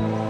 Bye.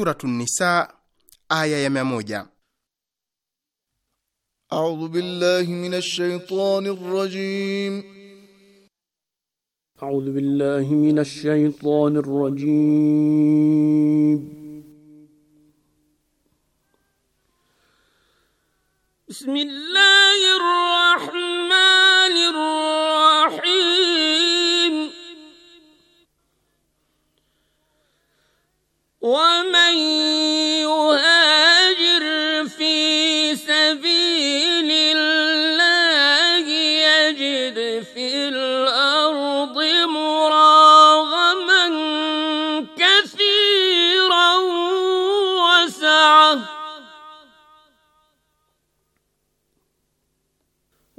Suratu Nisa aya ya mia moja. A'udhu billahi minash shaitani rrajim. A'udhu billahi minash shaitani rrajim. Bismillahir rahmanir ومن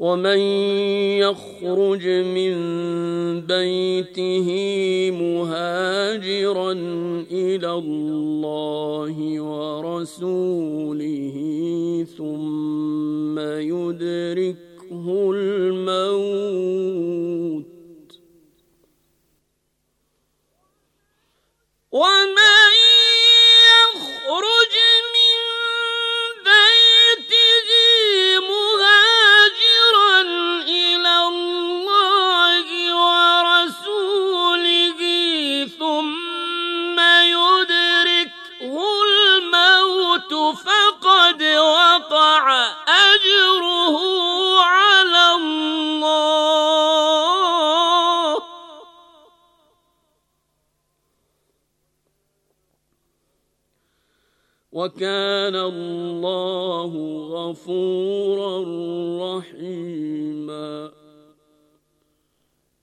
ومن يخرج من بيته مهاجرا الى الله ورسوله ثم يدركه الموت ومن wa kana Allahu ghafuran rahima.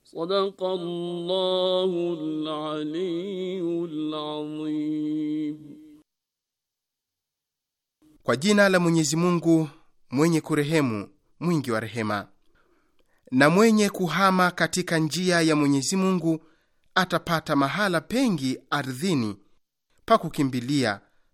Sadaqa Allahul Aliyyul Azim. Kwa jina la Mwenyezi Mungu mwenye kurehemu mwingi wa rehema. Na mwenye kuhama katika njia ya Mwenyezi Mungu atapata mahala pengi ardhini pa kukimbilia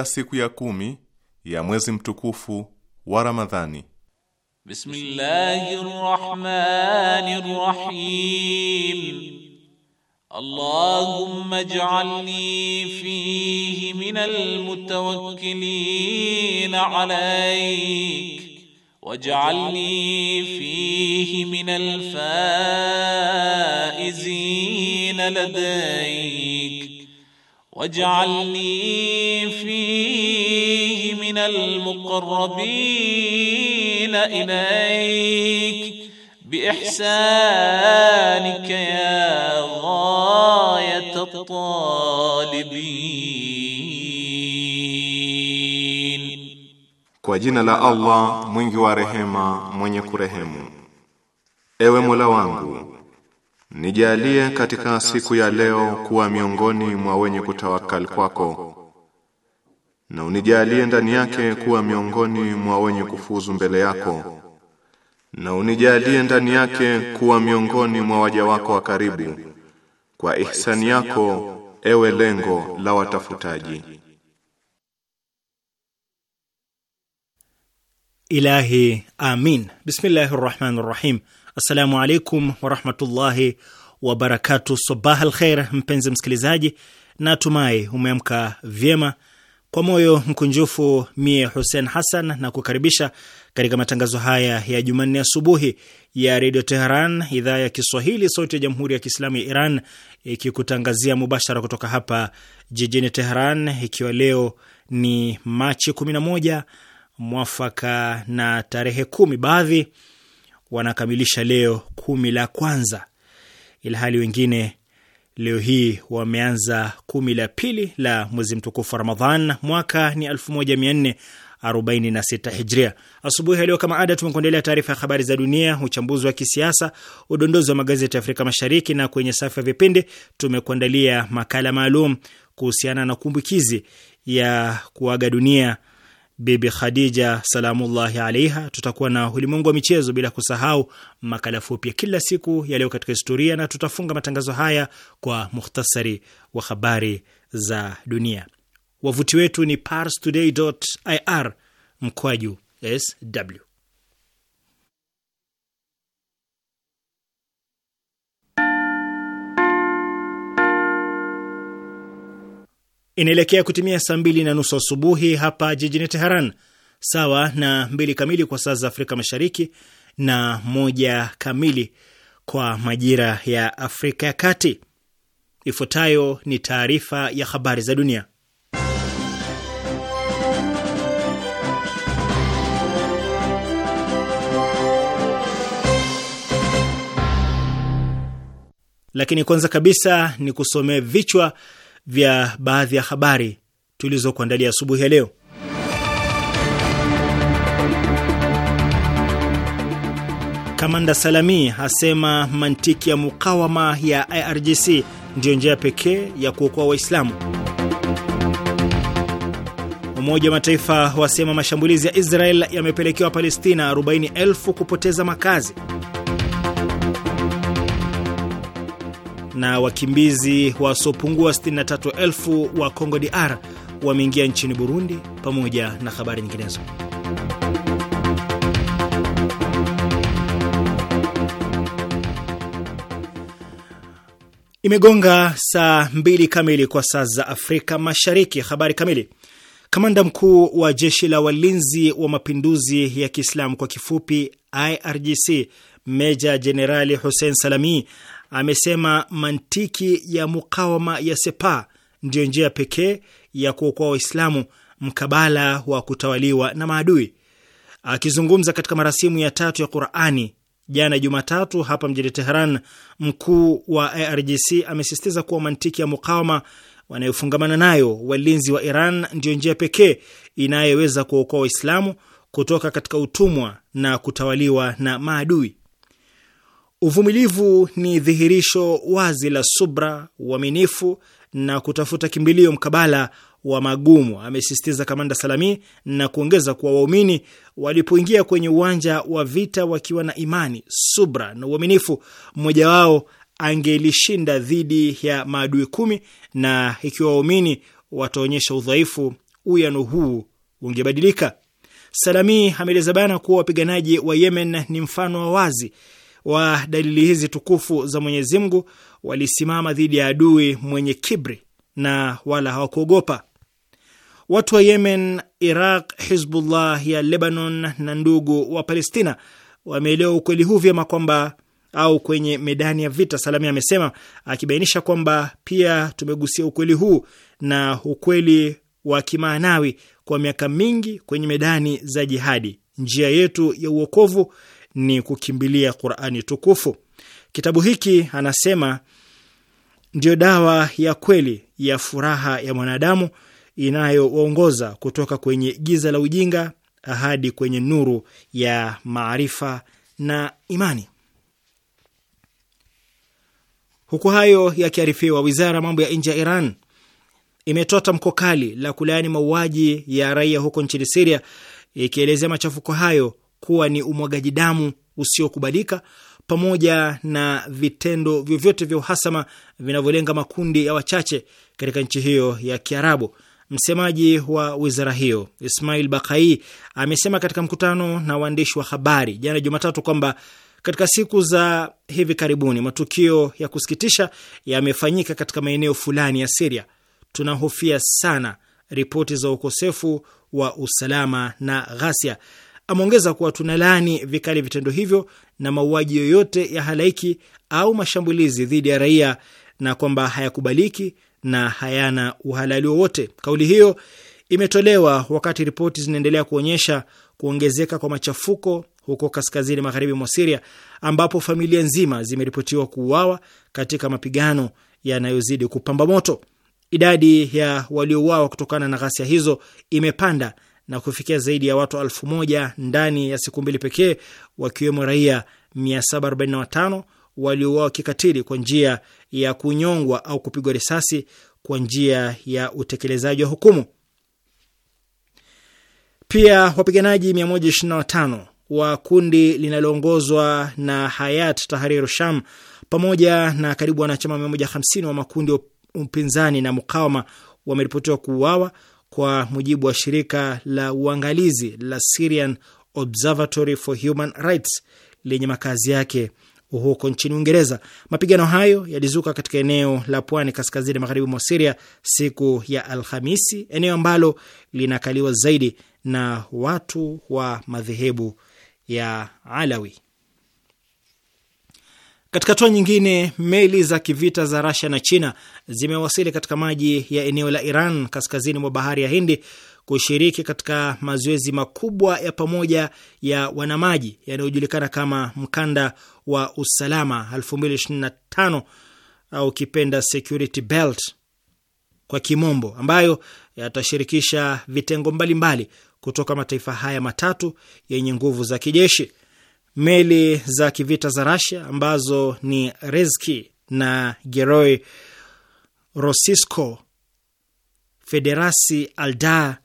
ya siku ya kumi ya mwezi mtukufu wa Ramadhani. Bismillahirrahmanirrahim. Allahumma ij'alni fihi minal mutawakkilin alayk waj'alni fihi minal faizin ladayk واجعلني فيه من المقربين اليك باحسانك يا غايه الطالبين وجنا لا الله منجي ورحمه منيك رحمه ايوه مولا وانغو Nijalie katika siku ya leo kuwa miongoni mwa wenye kutawakal kwako na unijalie ndani yake kuwa miongoni mwa wenye kufuzu mbele yako na unijalie ndani yake kuwa miongoni mwa waja wako wa karibu kwa ihsani yako ewe lengo la watafutaji. Ilahi, amin. Bismillahirrahmanirrahim. Assalamu alaikum warahmatullahi wabarakatu. Sabah al mpenzi msikilizaji, na umeamka vyema. Kwa moyo mkunjufu, mie Hussein Hassan na kukaribisha katika matangazo haya ya Jumanne asubuhi ya Redio Teheran, idhaa ya Kiswahili, sauti ya Jamhuri ya Kiislamu ya Iran, ikikutangazia mubashara kutoka hapa jijini Teheran, ikiwa leo ni Machi 11 mwafaka na tarehe kumi. Baadhi wanakamilisha leo kumi la kwanza, ilhali wengine leo hii wameanza kumi la pili la mwezi mtukufu Ramadhan. Mwaka ni 1446 Hijria. Asubuhi ya leo kama ada, tumekuendelea taarifa ya habari za dunia, uchambuzi wa kisiasa, udondozi wa magazeti ya Afrika Mashariki, na kwenye safu ya vipindi tumekuandalia makala maalum kuhusiana na kumbukizi ya kuaga dunia Bibi Khadija salamullahi alaiha. Tutakuwa na ulimwengu wa michezo, bila kusahau makala fupi ya kila siku ya leo katika historia, na tutafunga matangazo haya kwa mukhtasari wa habari za dunia. Wavuti wetu ni parstoday.ir mkwaju sw inaelekea kutimia saa mbili na nusu asubuhi hapa jijini Teheran, sawa na mbili kamili kwa saa za Afrika Mashariki na moja kamili kwa majira ya Afrika ya Kati. Ifuatayo ni taarifa ya habari za dunia, lakini kwanza kabisa ni kusomea vichwa vya baadhi ya habari tulizokuandalia asubuhi ya leo. Kamanda Salami asema mantiki ya mukawama ya IRGC ndiyo njia pekee ya kuokoa Waislamu. Umoja wa Mataifa wasema mashambulizi ya Israel yamepelekewa Palestina 40,000 kupoteza makazi. na wakimbizi wasiopungua 63,000 wa Kongo DR wameingia nchini Burundi, pamoja na habari nyinginezo. Imegonga saa mbili kamili kwa saa za Afrika Mashariki. Habari kamili. Kamanda mkuu wa jeshi la walinzi wa mapinduzi ya Kiislamu kwa kifupi IRGC, Meja Jenerali Hussein Salami amesema mantiki ya mukawama ya Sepa ndiyo njia pekee ya kuokoa Waislamu mkabala wa kutawaliwa na maadui. Akizungumza katika marasimu ya tatu ya Qurani jana Jumatatu hapa mjini Teheran, mkuu wa IRGC amesisitiza kuwa mantiki ya mukawama wanayofungamana nayo walinzi wa Iran ndiyo njia pekee inayoweza kuokoa Waislamu kutoka katika utumwa na kutawaliwa na maadui. Uvumilivu ni dhihirisho wazi la subra, uaminifu na kutafuta kimbilio mkabala wa magumu, amesisitiza kamanda Salami na kuongeza kuwa waumini walipoingia kwenye uwanja wa vita wakiwa na imani, subra na uaminifu, mmoja wao angelishinda dhidi ya maadui kumi, na ikiwa waumini wataonyesha udhaifu, uyano huu ungebadilika. Salami ameeleza bana kuwa wapiganaji wa Yemen ni mfano wa wazi wa dalili hizi tukufu za Mwenyezi Mungu walisimama dhidi ya adui mwenye kibri na wala hawakuogopa. Watu wa Yemen, Iraq, Hizbullah ya Lebanon na ndugu wa Palestina wameelewa ukweli huu vyema kwamba au kwenye medani ya vita, Salami amesema akibainisha kwamba pia tumegusia ukweli huu na ukweli wa kimaanawi kwa miaka mingi kwenye medani za jihadi. Njia yetu ya uokovu ni kukimbilia Qurani tukufu. Kitabu hiki anasema ndiyo dawa ya kweli ya furaha ya mwanadamu inayowaongoza kutoka kwenye giza la ujinga hadi kwenye nuru ya maarifa na imani. Huku hayo yakiarifiwa, wizara ya mambo ya nje ya Iran imetoa tamko kali la kulaani mauaji ya raia huko nchini Siria, ikielezea machafuko hayo kuwa ni umwagaji damu usiokubalika pamoja na vitendo vyovyote vya uhasama vinavyolenga makundi ya wachache katika nchi hiyo ya Kiarabu. Msemaji wa wizara hiyo Ismail Bakai amesema katika mkutano na waandishi wa habari jana Jumatatu kwamba katika siku za hivi karibuni matukio ya kusikitisha yamefanyika katika maeneo fulani ya Siria. Tunahofia sana ripoti za ukosefu wa usalama na ghasia. Ameongeza kuwa tunalaani vikali vitendo hivyo na mauaji yoyote ya halaiki au mashambulizi dhidi ya raia na kwamba hayakubaliki na hayana uhalali wowote. Kauli hiyo imetolewa wakati ripoti zinaendelea kuonyesha kuongezeka kwa machafuko huko kaskazini magharibi mwa Siria ambapo familia nzima zimeripotiwa kuuawa katika mapigano yanayozidi kupamba moto. Idadi ya waliouawa kutokana na ghasia hizo imepanda na kufikia zaidi ya watu elfu moja ndani ya siku mbili pekee, wakiwemo raia 745 waliouawa kikatili kwa njia ya kunyongwa au kupigwa risasi kwa njia ya utekelezaji wa hukumu. Pia wapiganaji 125 wa kundi linaloongozwa na Hayat Tahrir Sham pamoja na karibu wanachama 150 wa makundi ya upinzani na mukawama wameripotiwa kuuawa kwa mujibu wa shirika la uangalizi la Syrian Observatory for Human Rights lenye makazi yake huko nchini Uingereza. Mapigano hayo yalizuka katika eneo la pwani kaskazini magharibi mwa Siria siku ya Alhamisi, eneo ambalo linakaliwa zaidi na watu wa madhehebu ya Alawi. Katika hatua nyingine, meli za kivita za rasia na China zimewasili katika maji ya eneo la Iran kaskazini mwa bahari ya Hindi kushiriki katika mazoezi makubwa ya pamoja ya wanamaji yanayojulikana kama mkanda wa usalama 2025 au kipenda security belt kwa kimombo, ambayo yatashirikisha vitengo mbalimbali mbali kutoka mataifa haya matatu yenye nguvu za kijeshi meli za kivita za Rasia ambazo ni Rezki na Geroi Rosisco, Federasi Alda,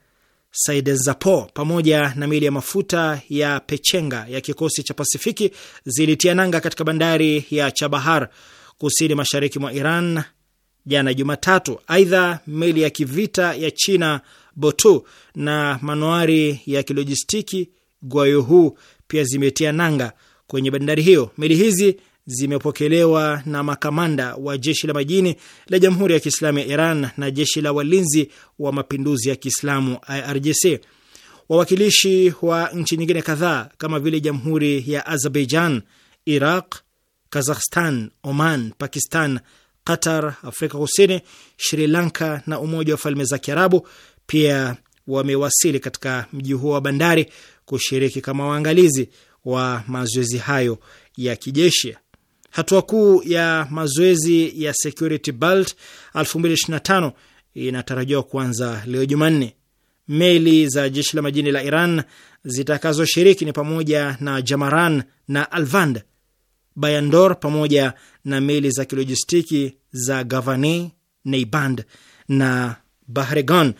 Saidezapo pamoja na meli ya mafuta ya Pechenga ya kikosi cha Pasifiki zilitia nanga katika bandari ya Chabahar kusini mashariki mwa Iran jana Jumatatu. Aidha, meli ya kivita ya China Botu na manuari ya kilojistiki Guayuhu pia zimetia nanga kwenye bandari hiyo. Meli hizi zimepokelewa na makamanda wa jeshi la majini la Jamhuri ya Kiislamu ya Iran na jeshi la walinzi wa mapinduzi ya Kiislamu IRGC. Wawakilishi wa nchi nyingine kadhaa kama vile Jamhuri ya Azerbaijan, Iraq, Kazakhstan, Oman, Pakistan, Qatar, Afrika Kusini, Sri Lanka na Umoja wa Falme za Kiarabu pia wamewasili katika mji huo wa bandari kushiriki kama waangalizi wa mazoezi hayo ya kijeshi. Hatua kuu ya mazoezi ya Security Belt 2025 inatarajiwa kuanza leo Jumanne. Meli za jeshi la majini la Iran zitakazoshiriki ni pamoja na Jamaran na Alvand, Bayandor, pamoja na meli za kilojistiki za Gavani, Neiband na Bahregon.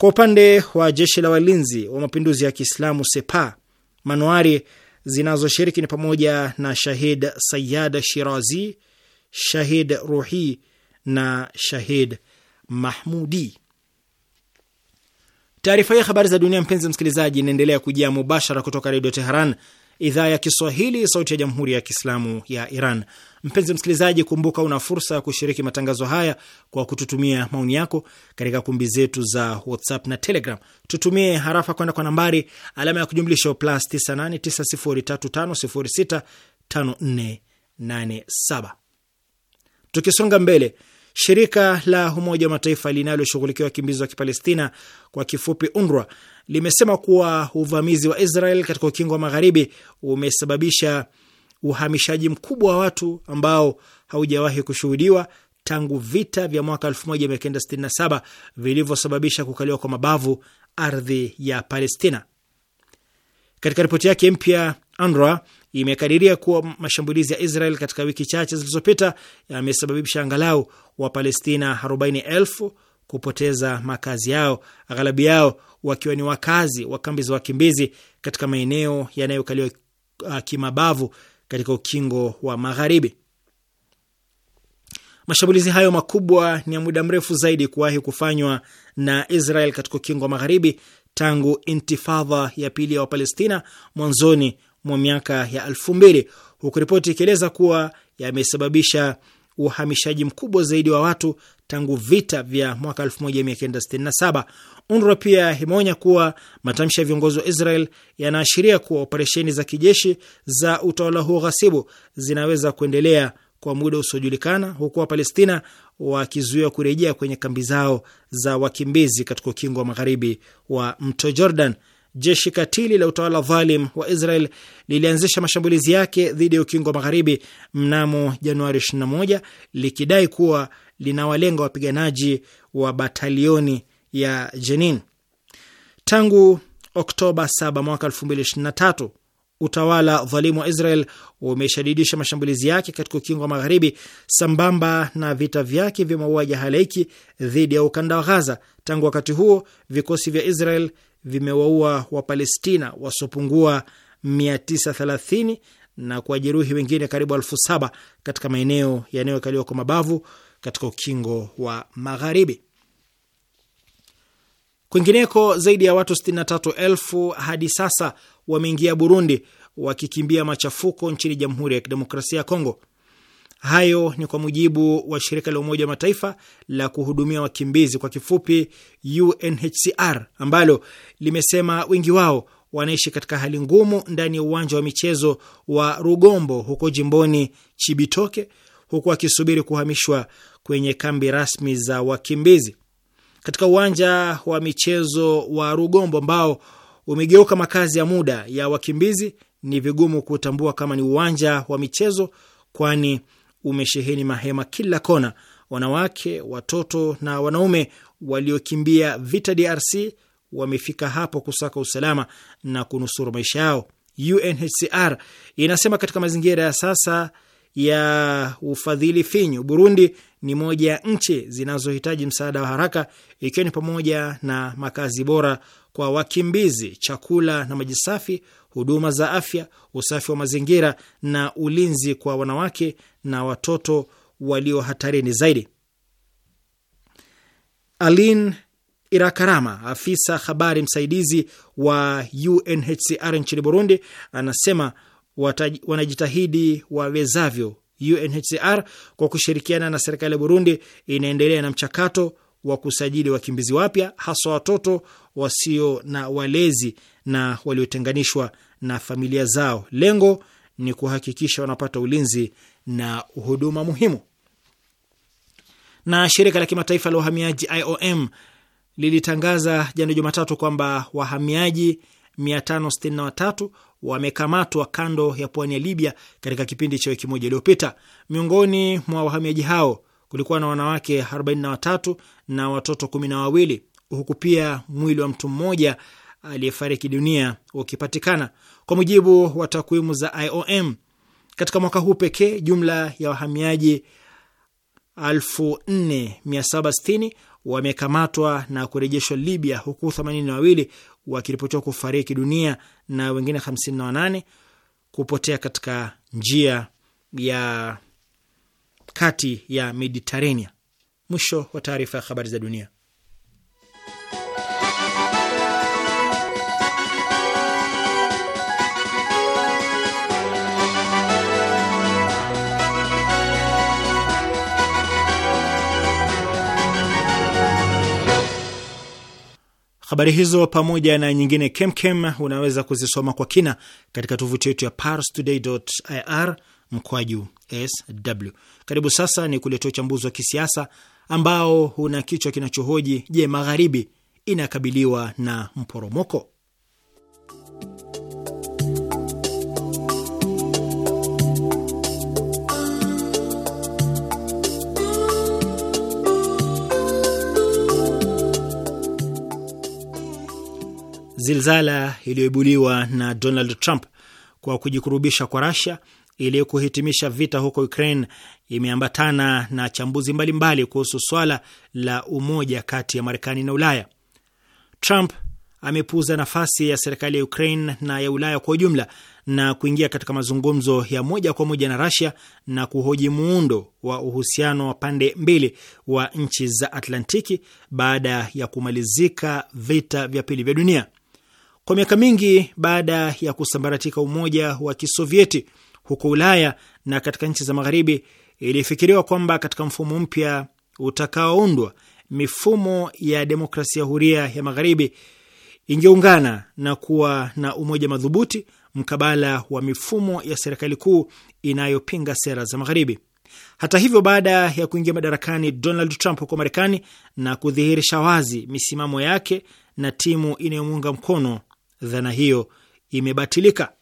Kwa upande wa jeshi la walinzi wa mapinduzi ya Kiislamu Sepa, manuari zinazoshiriki ni pamoja na Shahid Sayad Shirazi, Shahid Ruhi na Shahid Mahmudi. Taarifa hii habari za dunia, mpenzi msikilizaji, inaendelea kujia mubashara kutoka Redio Teheran, idhaa ya Kiswahili, sauti ya jamhuri ya kiislamu ya Iran. Mpenzi msikilizaji, kumbuka una fursa ya kushiriki matangazo haya kwa kututumia maoni yako katika kumbi zetu za WhatsApp na Telegram. Tutumie harafa kwenda kwa nambari alama ya kujumlisha plus 989035065487. Tukisonga mbele, shirika la Umoja wa Mataifa linaloshughulikia wakimbizi wa Kipalestina kwa kifupi UNRWA limesema kuwa uvamizi wa Israel katika ukingo wa magharibi umesababisha uhamishaji mkubwa wa watu ambao haujawahi kushuhudiwa tangu vita vya mwaka 1967 vilivyosababisha kukaliwa kwa mabavu ardhi ya Palestina. Katika ripoti yake mpya, UNRWA imekadiria kuwa mashambulizi ya Israel katika wiki chache zilizopita yamesababisha angalau Wapalestina 40,000 kupoteza makazi yao, aghalabi yao wakiwa ni wakazi wa kambi za wakimbizi katika maeneo yanayokaliwa uh, kimabavu katika ukingo wa Magharibi. Mashambulizi hayo makubwa ni ya muda mrefu zaidi kuwahi kufanywa na Israel katika ukingo wa Magharibi tangu intifadha ya pili ya Wapalestina mwanzoni mwa miaka ya elfu mbili huku ripoti ikieleza kuwa yamesababisha uhamishaji mkubwa zaidi wa watu tangu vita vya mwaka 1967. UNRWA pia imeonya kuwa matamshi ya viongozi wa Israel yanaashiria kuwa operesheni za kijeshi za utawala huo ghasibu zinaweza kuendelea kwa muda usiojulikana, huku Wapalestina wakizuiwa kurejea kwenye kambi zao za wakimbizi katika ukingo wa magharibi wa mto Jordan jeshi katili la utawala dhalim wa Israel lilianzisha mashambulizi yake dhidi ya ukingo wa magharibi mnamo Januari 21 likidai kuwa linawalenga wapiganaji wa batalioni ya Jenin. Tangu Oktoba 7 mwaka 2023 utawala dhalimu wa Israel umeshadidisha mashambulizi yake katika ukingo wa magharibi sambamba na vita vyake vya mauaji halaiki dhidi ya ukanda wa Ghaza. Tangu wakati huo vikosi vya Israel vimewaua Wapalestina wasiopungua 930 na kuwajeruhi wengine karibu elfu saba katika maeneo yanayokaliwa kwa mabavu katika ukingo wa Magharibi. Kwingineko, zaidi ya watu 63,000 hadi sasa wameingia Burundi wakikimbia machafuko nchini Jamhuri ya Kidemokrasia ya Kongo. Hayo ni kwa mujibu wa shirika la Umoja wa Mataifa la kuhudumia wakimbizi kwa kifupi UNHCR, ambalo limesema wengi wao wanaishi katika hali ngumu ndani ya uwanja wa michezo wa Rugombo huko jimboni Chibitoke, huku wakisubiri kuhamishwa kwenye kambi rasmi za wakimbizi. Katika uwanja wa michezo wa Rugombo ambao umegeuka makazi ya muda ya wakimbizi, ni vigumu kutambua kama ni uwanja wa michezo, kwani umesheheni mahema kila kona, wanawake, watoto na wanaume waliokimbia vita DRC wamefika hapo kusaka usalama na kunusuru maisha yao. UNHCR inasema katika mazingira ya sasa ya ufadhili finyu, Burundi ni moja ya nchi zinazohitaji msaada wa haraka, ikiwa ni pamoja na makazi bora kwa wakimbizi, chakula na maji safi, huduma za afya, usafi wa mazingira na ulinzi kwa wanawake na watoto walio hatarini zaidi. Aline Irakarama, afisa habari msaidizi wa UNHCR nchini Burundi, anasema wataj, wanajitahidi wawezavyo. UNHCR kwa kushirikiana na serikali ya Burundi inaendelea na mchakato wa kusajili wakimbizi wapya, haswa watoto wasio na walezi na waliotenganishwa na familia zao. Lengo ni kuhakikisha wanapata ulinzi na huduma muhimu. Na shirika la kimataifa la uhamiaji IOM lilitangaza jana Jumatatu kwamba wahamiaji 563 wamekamatwa kando ya pwani ya Libya katika kipindi cha wiki moja iliyopita. Miongoni mwa wahamiaji hao kulikuwa na wanawake 43 na watoto kumi na wawili, huku pia mwili wa mtu mmoja aliyefariki dunia ukipatikana. Kwa mujibu wa takwimu za IOM, katika mwaka huu pekee jumla ya wahamiaji 4760 wamekamatwa na kurejeshwa Libya, huku 82 wakiripotiwa kufariki dunia na wengine 58 kupotea katika njia ya kati ya Mediterania. Mwisho wa taarifa ya habari za dunia. Habari hizo pamoja na nyingine kemkem unaweza kuzisoma kwa kina katika tovuti yetu ya parstoday.ir mkwaju sw. Karibu sasa ni kuletea uchambuzi wa kisiasa ambao una kichwa kinachohoji: Je, magharibi inakabiliwa na mporomoko? Zilzala iliyoibuliwa na Donald Trump kwa kujikurubisha kwa rasia ili kuhitimisha vita huko Ukraine imeambatana na chambuzi mbalimbali kuhusu swala la umoja kati ya Marekani na Ulaya. Trump amepuuza nafasi ya serikali ya Ukraine na ya Ulaya kwa ujumla na kuingia katika mazungumzo ya moja kwa moja na rasia na kuhoji muundo wa uhusiano wa pande mbili wa nchi za Atlantiki baada ya kumalizika vita vya pili vya dunia. Kwa miaka mingi baada ya kusambaratika Umoja wa Kisovieti huko Ulaya na katika nchi za Magharibi, ilifikiriwa kwamba katika mfumo mpya utakaoundwa, mifumo ya demokrasia huria ya Magharibi ingeungana na kuwa na umoja madhubuti mkabala wa mifumo ya serikali kuu inayopinga sera za Magharibi. Hata hivyo, baada ya kuingia madarakani Donald Trump huko Marekani na kudhihirisha wazi misimamo yake na timu inayomuunga mkono dhana hiyo imebatilika.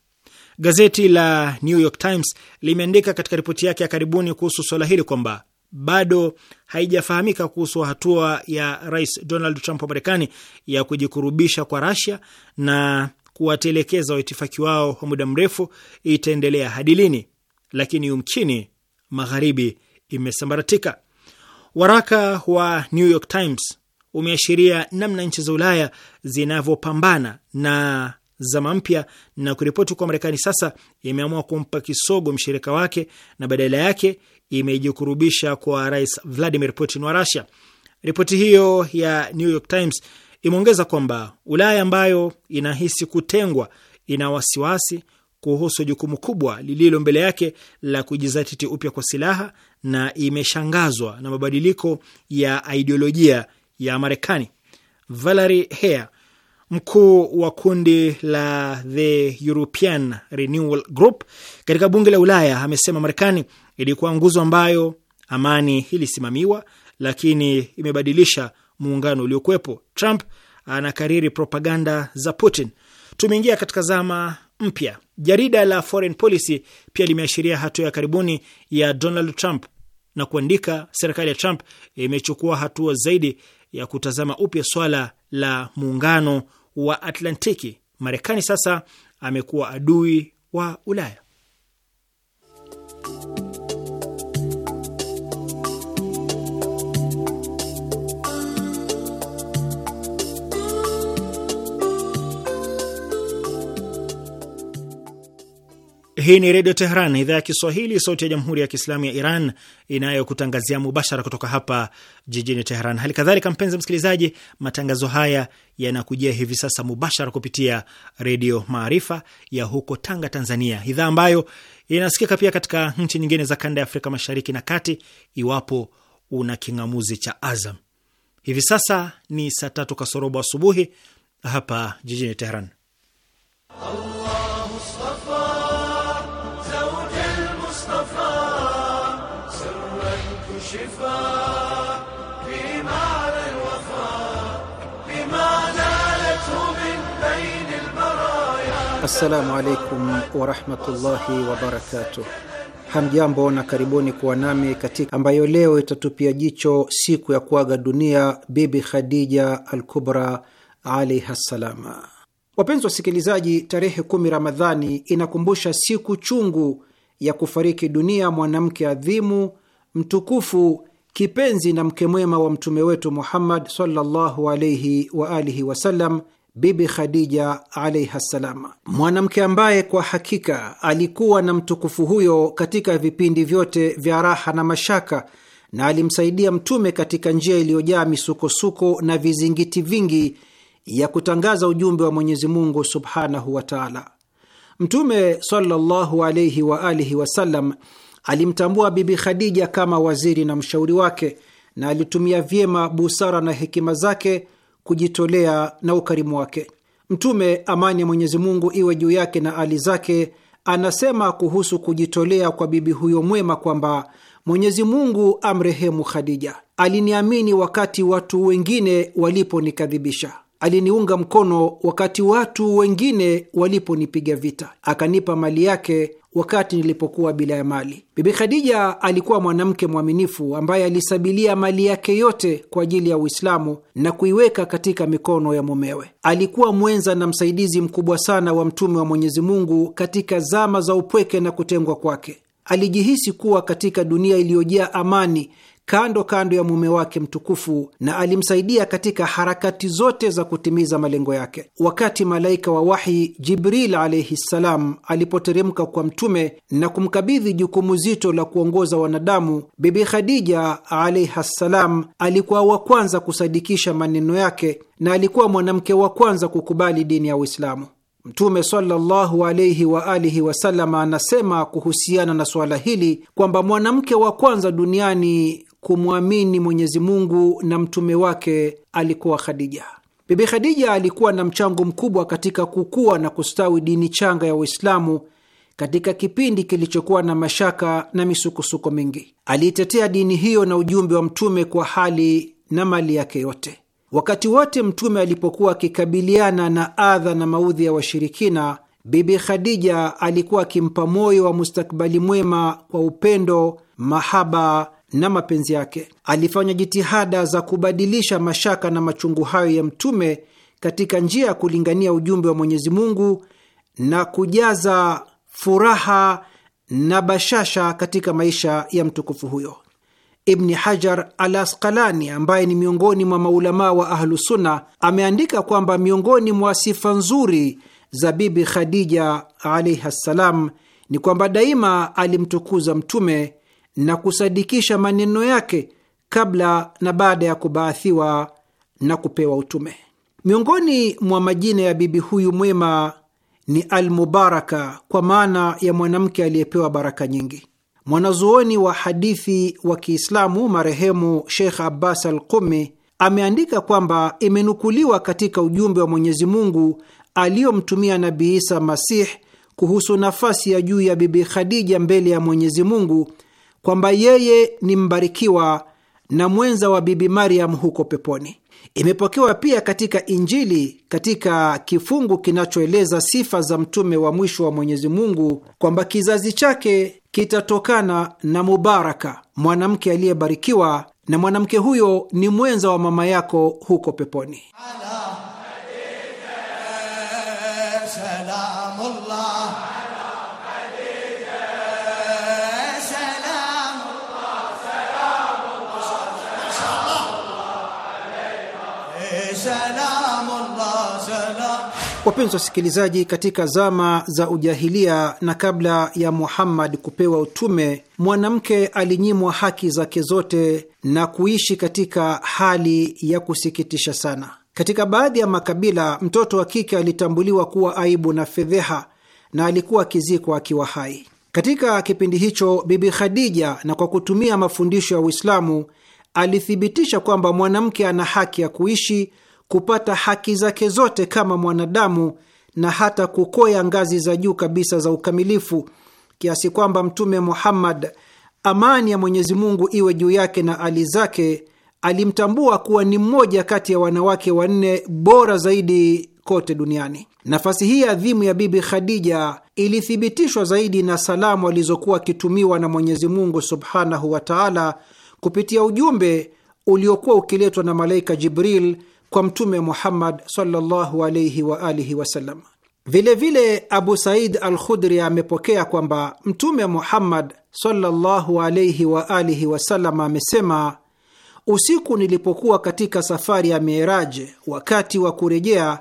Gazeti la New York Times limeandika katika ripoti yake ya karibuni kuhusu swala hili kwamba bado haijafahamika kuhusu hatua ya Rais Donald Trump wa Marekani ya kujikurubisha kwa rasia na kuwatelekeza waitifaki wao wa muda mrefu itaendelea hadi lini, lakini yumkini magharibi imesambaratika. Waraka wa New York Times umeashiria namna nchi za Ulaya zinavyopambana na zama mpya na kuripoti kuwa Marekani sasa imeamua kumpa kisogo mshirika wake na badala yake imejikurubisha kwa Rais Vladimir Putin wa Russia. Ripoti hiyo ya New York Times imeongeza kwamba Ulaya ambayo inahisi kutengwa ina wasiwasi kuhusu jukumu kubwa lililo mbele yake la kujizatiti upya kwa silaha na imeshangazwa na mabadiliko ya idiolojia ya Marekani. Valerie Heyer, mkuu wa kundi la the European Renewal Group katika bunge la Ulaya, amesema Marekani ilikuwa nguzo ambayo amani ilisimamiwa, lakini imebadilisha muungano uliokuwepo. Trump anakariri propaganda za Putin. Tumeingia katika zama mpya. Jarida la Foreign Policy pia limeashiria hatua ya karibuni ya Donald Trump na kuandika, serikali ya Trump imechukua hatua zaidi ya kutazama upya swala la muungano wa Atlantiki, Marekani sasa amekuwa adui wa Ulaya. Hii ni Redio Tehran, idhaa ya Kiswahili, sauti ya Jamhuri ya Kiislamu ya Iran, inayokutangazia mubashara kutoka hapa jijini Tehran. Hali kadhalika, mpenzi msikilizaji, matangazo haya yanakujia hivi sasa mubashara kupitia Redio Maarifa ya huko Tanga, Tanzania, idhaa ambayo inasikika pia katika nchi nyingine za kanda ya Afrika Mashariki na Kati, iwapo una king'amuzi cha Azam. Hivi sasa ni saa tatu kasorobo asubuhi hapa jijini Tehran. السلام عليكم ورحمة الله وبركاته Hamjambo na karibuni kuwa nami katika ambayo leo itatupia jicho siku ya kuaga dunia Bibi Khadija Al-Kubra alaiha ssalama. Wapenzi wasikilizaji, tarehe kumi Ramadhani inakumbusha siku chungu ya kufariki dunia mwanamke adhimu mtukufu, kipenzi na mke mwema wa mtume wetu Muhammad sallallahu wa alihi wasallam, Bibi Khadija alaiha ssalam, mwanamke ambaye kwa hakika alikuwa na mtukufu huyo katika vipindi vyote vya raha na mashaka, na alimsaidia mtume katika njia iliyojaa misukosuko na vizingiti vingi ya kutangaza ujumbe wa Mwenyezi Mungu subhanahu wa taala. Mtume sallallahu alaihi wa alihi wasallam Alimtambua Bibi Khadija kama waziri na mshauri wake na alitumia vyema busara na hekima zake kujitolea na ukarimu wake. Mtume, amani ya Mwenyezi Mungu iwe juu yake na ali zake, anasema kuhusu kujitolea kwa bibi huyo mwema kwamba Mwenyezi Mungu amrehemu Khadija, aliniamini wakati watu wengine waliponikadhibisha, aliniunga mkono wakati watu wengine waliponipiga vita, akanipa mali yake wakati nilipokuwa bila ya mali. Bibi Khadija alikuwa mwanamke mwaminifu ambaye alisabilia mali yake yote kwa ajili ya Uislamu na kuiweka katika mikono ya mumewe. Alikuwa mwenza na msaidizi mkubwa sana wa Mtume wa Mwenyezi Mungu katika zama za upweke na kutengwa kwake. Alijihisi kuwa katika dunia iliyojaa amani kando kando ya mume wake mtukufu na alimsaidia katika harakati zote za kutimiza malengo yake. Wakati malaika wa wahi Jibril alaihi ssalam alipoteremka kwa Mtume na kumkabidhi jukumu zito la kuongoza wanadamu, Bibi Khadija alaiha ssalam alikuwa wa kwanza kusadikisha maneno yake na alikuwa mwanamke wa kwanza kukubali dini ya Uislamu. Mtume sallallahu wa alihi wasallam anasema kuhusiana na suala hili kwamba mwanamke wa kwanza duniani kumwamini Mwenyezi Mungu na mtume wake alikuwa Khadija. Bibi Khadija alikuwa na mchango mkubwa katika kukua na kustawi dini changa ya Uislamu katika kipindi kilichokuwa na mashaka na misukosuko mingi. Aliitetea dini hiyo na ujumbe wa mtume kwa hali na mali yake yote. Wakati wote mtume alipokuwa akikabiliana na adha na maudhi ya washirikina, Bibi Khadija alikuwa akimpa moyo wa mustakbali mwema kwa upendo, mahaba na mapenzi yake. Alifanya jitihada za kubadilisha mashaka na machungu hayo ya mtume katika njia ya kulingania ujumbe wa Mwenyezi Mungu na kujaza furaha na bashasha katika maisha ya mtukufu huyo. Ibni Hajar al Asqalani, ambaye ni miongoni mwa maulamaa wa Ahlusunna, ameandika kwamba miongoni mwa sifa nzuri za Bibi Khadija alaihi ssalam ni kwamba daima alimtukuza Mtume na kusadikisha maneno yake kabla na baada ya kubaathiwa na kupewa utume. Miongoni mwa majina ya bibi huyu mwema ni Almubaraka, kwa maana ya mwanamke aliyepewa baraka nyingi. Mwanazuoni wa hadithi wa Kiislamu marehemu Sheikh Abbas al Qumi ameandika kwamba imenukuliwa katika ujumbe wa Mwenyezi Mungu aliyomtumia Nabii Isa Masih kuhusu nafasi ya juu ya Bibi Khadija mbele ya Mwenyezi Mungu kwamba yeye ni mbarikiwa na mwenza wa Bibi Mariam huko peponi. Imepokewa pia katika Injili katika kifungu kinachoeleza sifa za mtume wa mwisho wa Mwenyezi Mungu kwamba kizazi chake kitatokana na mubaraka, mwanamke aliyebarikiwa, na mwanamke huyo ni mwenza wa mama yako huko peponi Ala. Wapenzi wasikilizaji, katika zama za ujahilia na kabla ya Muhammad kupewa utume, mwanamke alinyimwa haki zake zote na kuishi katika hali ya kusikitisha sana. Katika baadhi ya makabila, mtoto wa kike alitambuliwa kuwa aibu na fedheha na alikuwa akizikwa akiwa hai. Katika kipindi hicho, Bibi Khadija, na kwa kutumia mafundisho ya Uislamu, alithibitisha kwamba mwanamke ana haki ya kuishi kupata haki zake zote kama mwanadamu na hata kukoya ngazi za juu kabisa za ukamilifu, kiasi kwamba Mtume Muhammad, amani ya Mwenyezi Mungu iwe juu yake na ali zake, alimtambua kuwa ni mmoja kati ya wanawake wanne bora zaidi kote duniani. Nafasi hii adhimu ya Bibi Khadija ilithibitishwa zaidi na salamu alizokuwa akitumiwa na Mwenyezi Mungu subhanahu wa taala kupitia ujumbe uliokuwa ukiletwa na malaika Jibril kwa Mtume Muhammad sallallahu wa alihi wasallam. Vilevile Abu Said al Khudri amepokea kwamba Mtume Muhammad sallallahu wa alihi wasallam amesema, usiku nilipokuwa katika safari ya Miraji, wakati wa kurejea,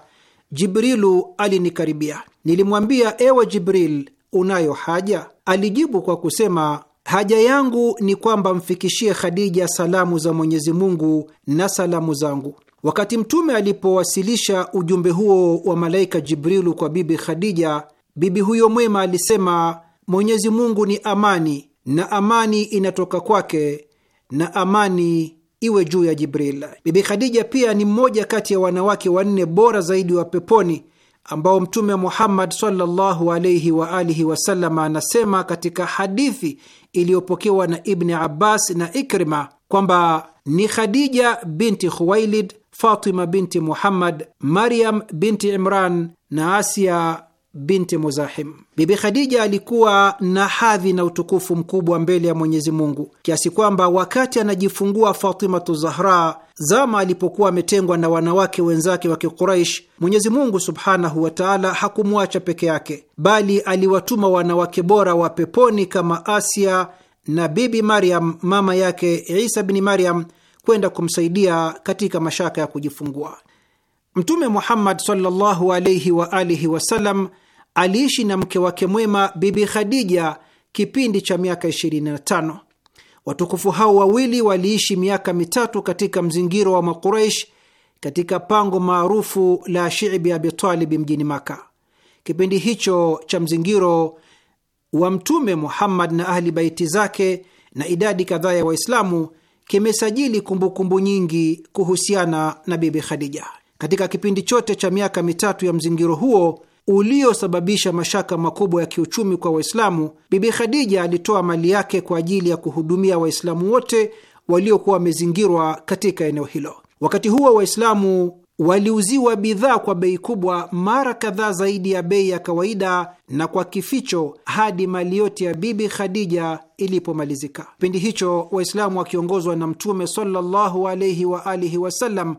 Jibrilu alinikaribia. Nilimwambia, ewe Jibril, unayo haja? Alijibu kwa kusema Haja yangu ni kwamba mfikishie Khadija salamu za Mwenyezi Mungu na salamu zangu. Wakati Mtume alipowasilisha ujumbe huo wa malaika Jibrilu kwa Bibi Khadija, bibi huyo mwema alisema, Mwenyezi Mungu ni amani, na amani inatoka kwake, na amani iwe juu ya Jibril. Bibi Khadija pia ni mmoja kati ya wanawake wanne bora zaidi wa peponi ambao Mtume Muhammad sallallahu wa alihi wasallam anasema katika hadithi iliyopokewa na Ibni Abbas na Ikrima kwamba ni Khadija binti Khuwailid, Fatima binti Muhammad, Maryam binti Imran na Asia binti Muzahim. Bibi Khadija alikuwa na hadhi na utukufu mkubwa mbele ya Mwenyezi Mungu kiasi kwamba wakati anajifungua Fatimatu Zahra, zama alipokuwa ametengwa na wanawake wenzake wa Kiquraish, Mwenyezi Mungu subhanahu wa taala hakumwacha peke yake, bali aliwatuma wanawake bora wa peponi kama Asia na Bibi Maryam mama yake Isa bini Maryam kwenda kumsaidia katika mashaka ya kujifungua. Mtume Muhammad sallallahu alaihi wa alihi wasallam aliishi na mke wake mwema Bibi Khadija kipindi cha miaka 25. Watukufu hao wawili waliishi miaka mitatu katika mzingiro wa Makuraish katika pango maarufu la Shibi Abitalibi mjini Maka. Kipindi hicho cha mzingiro wa Mtume Muhammad na ahli baiti zake na idadi kadhaa ya Waislamu kimesajili kumbukumbu nyingi kuhusiana na Bibi Khadija katika kipindi chote cha miaka mitatu ya mzingiro huo uliosababisha mashaka makubwa ya kiuchumi kwa Waislamu. Bibi Khadija alitoa mali yake kwa ajili ya kuhudumia Waislamu wote waliokuwa wamezingirwa katika eneo hilo. Wakati huo Waislamu waliuziwa bidhaa kwa bei kubwa mara kadhaa zaidi ya bei ya kawaida na kwa kificho hadi mali yote ya Bibi Khadija ilipomalizika. Kipindi hicho Waislamu wakiongozwa na Mtume sallallahu alaihi wa alihi wasallam,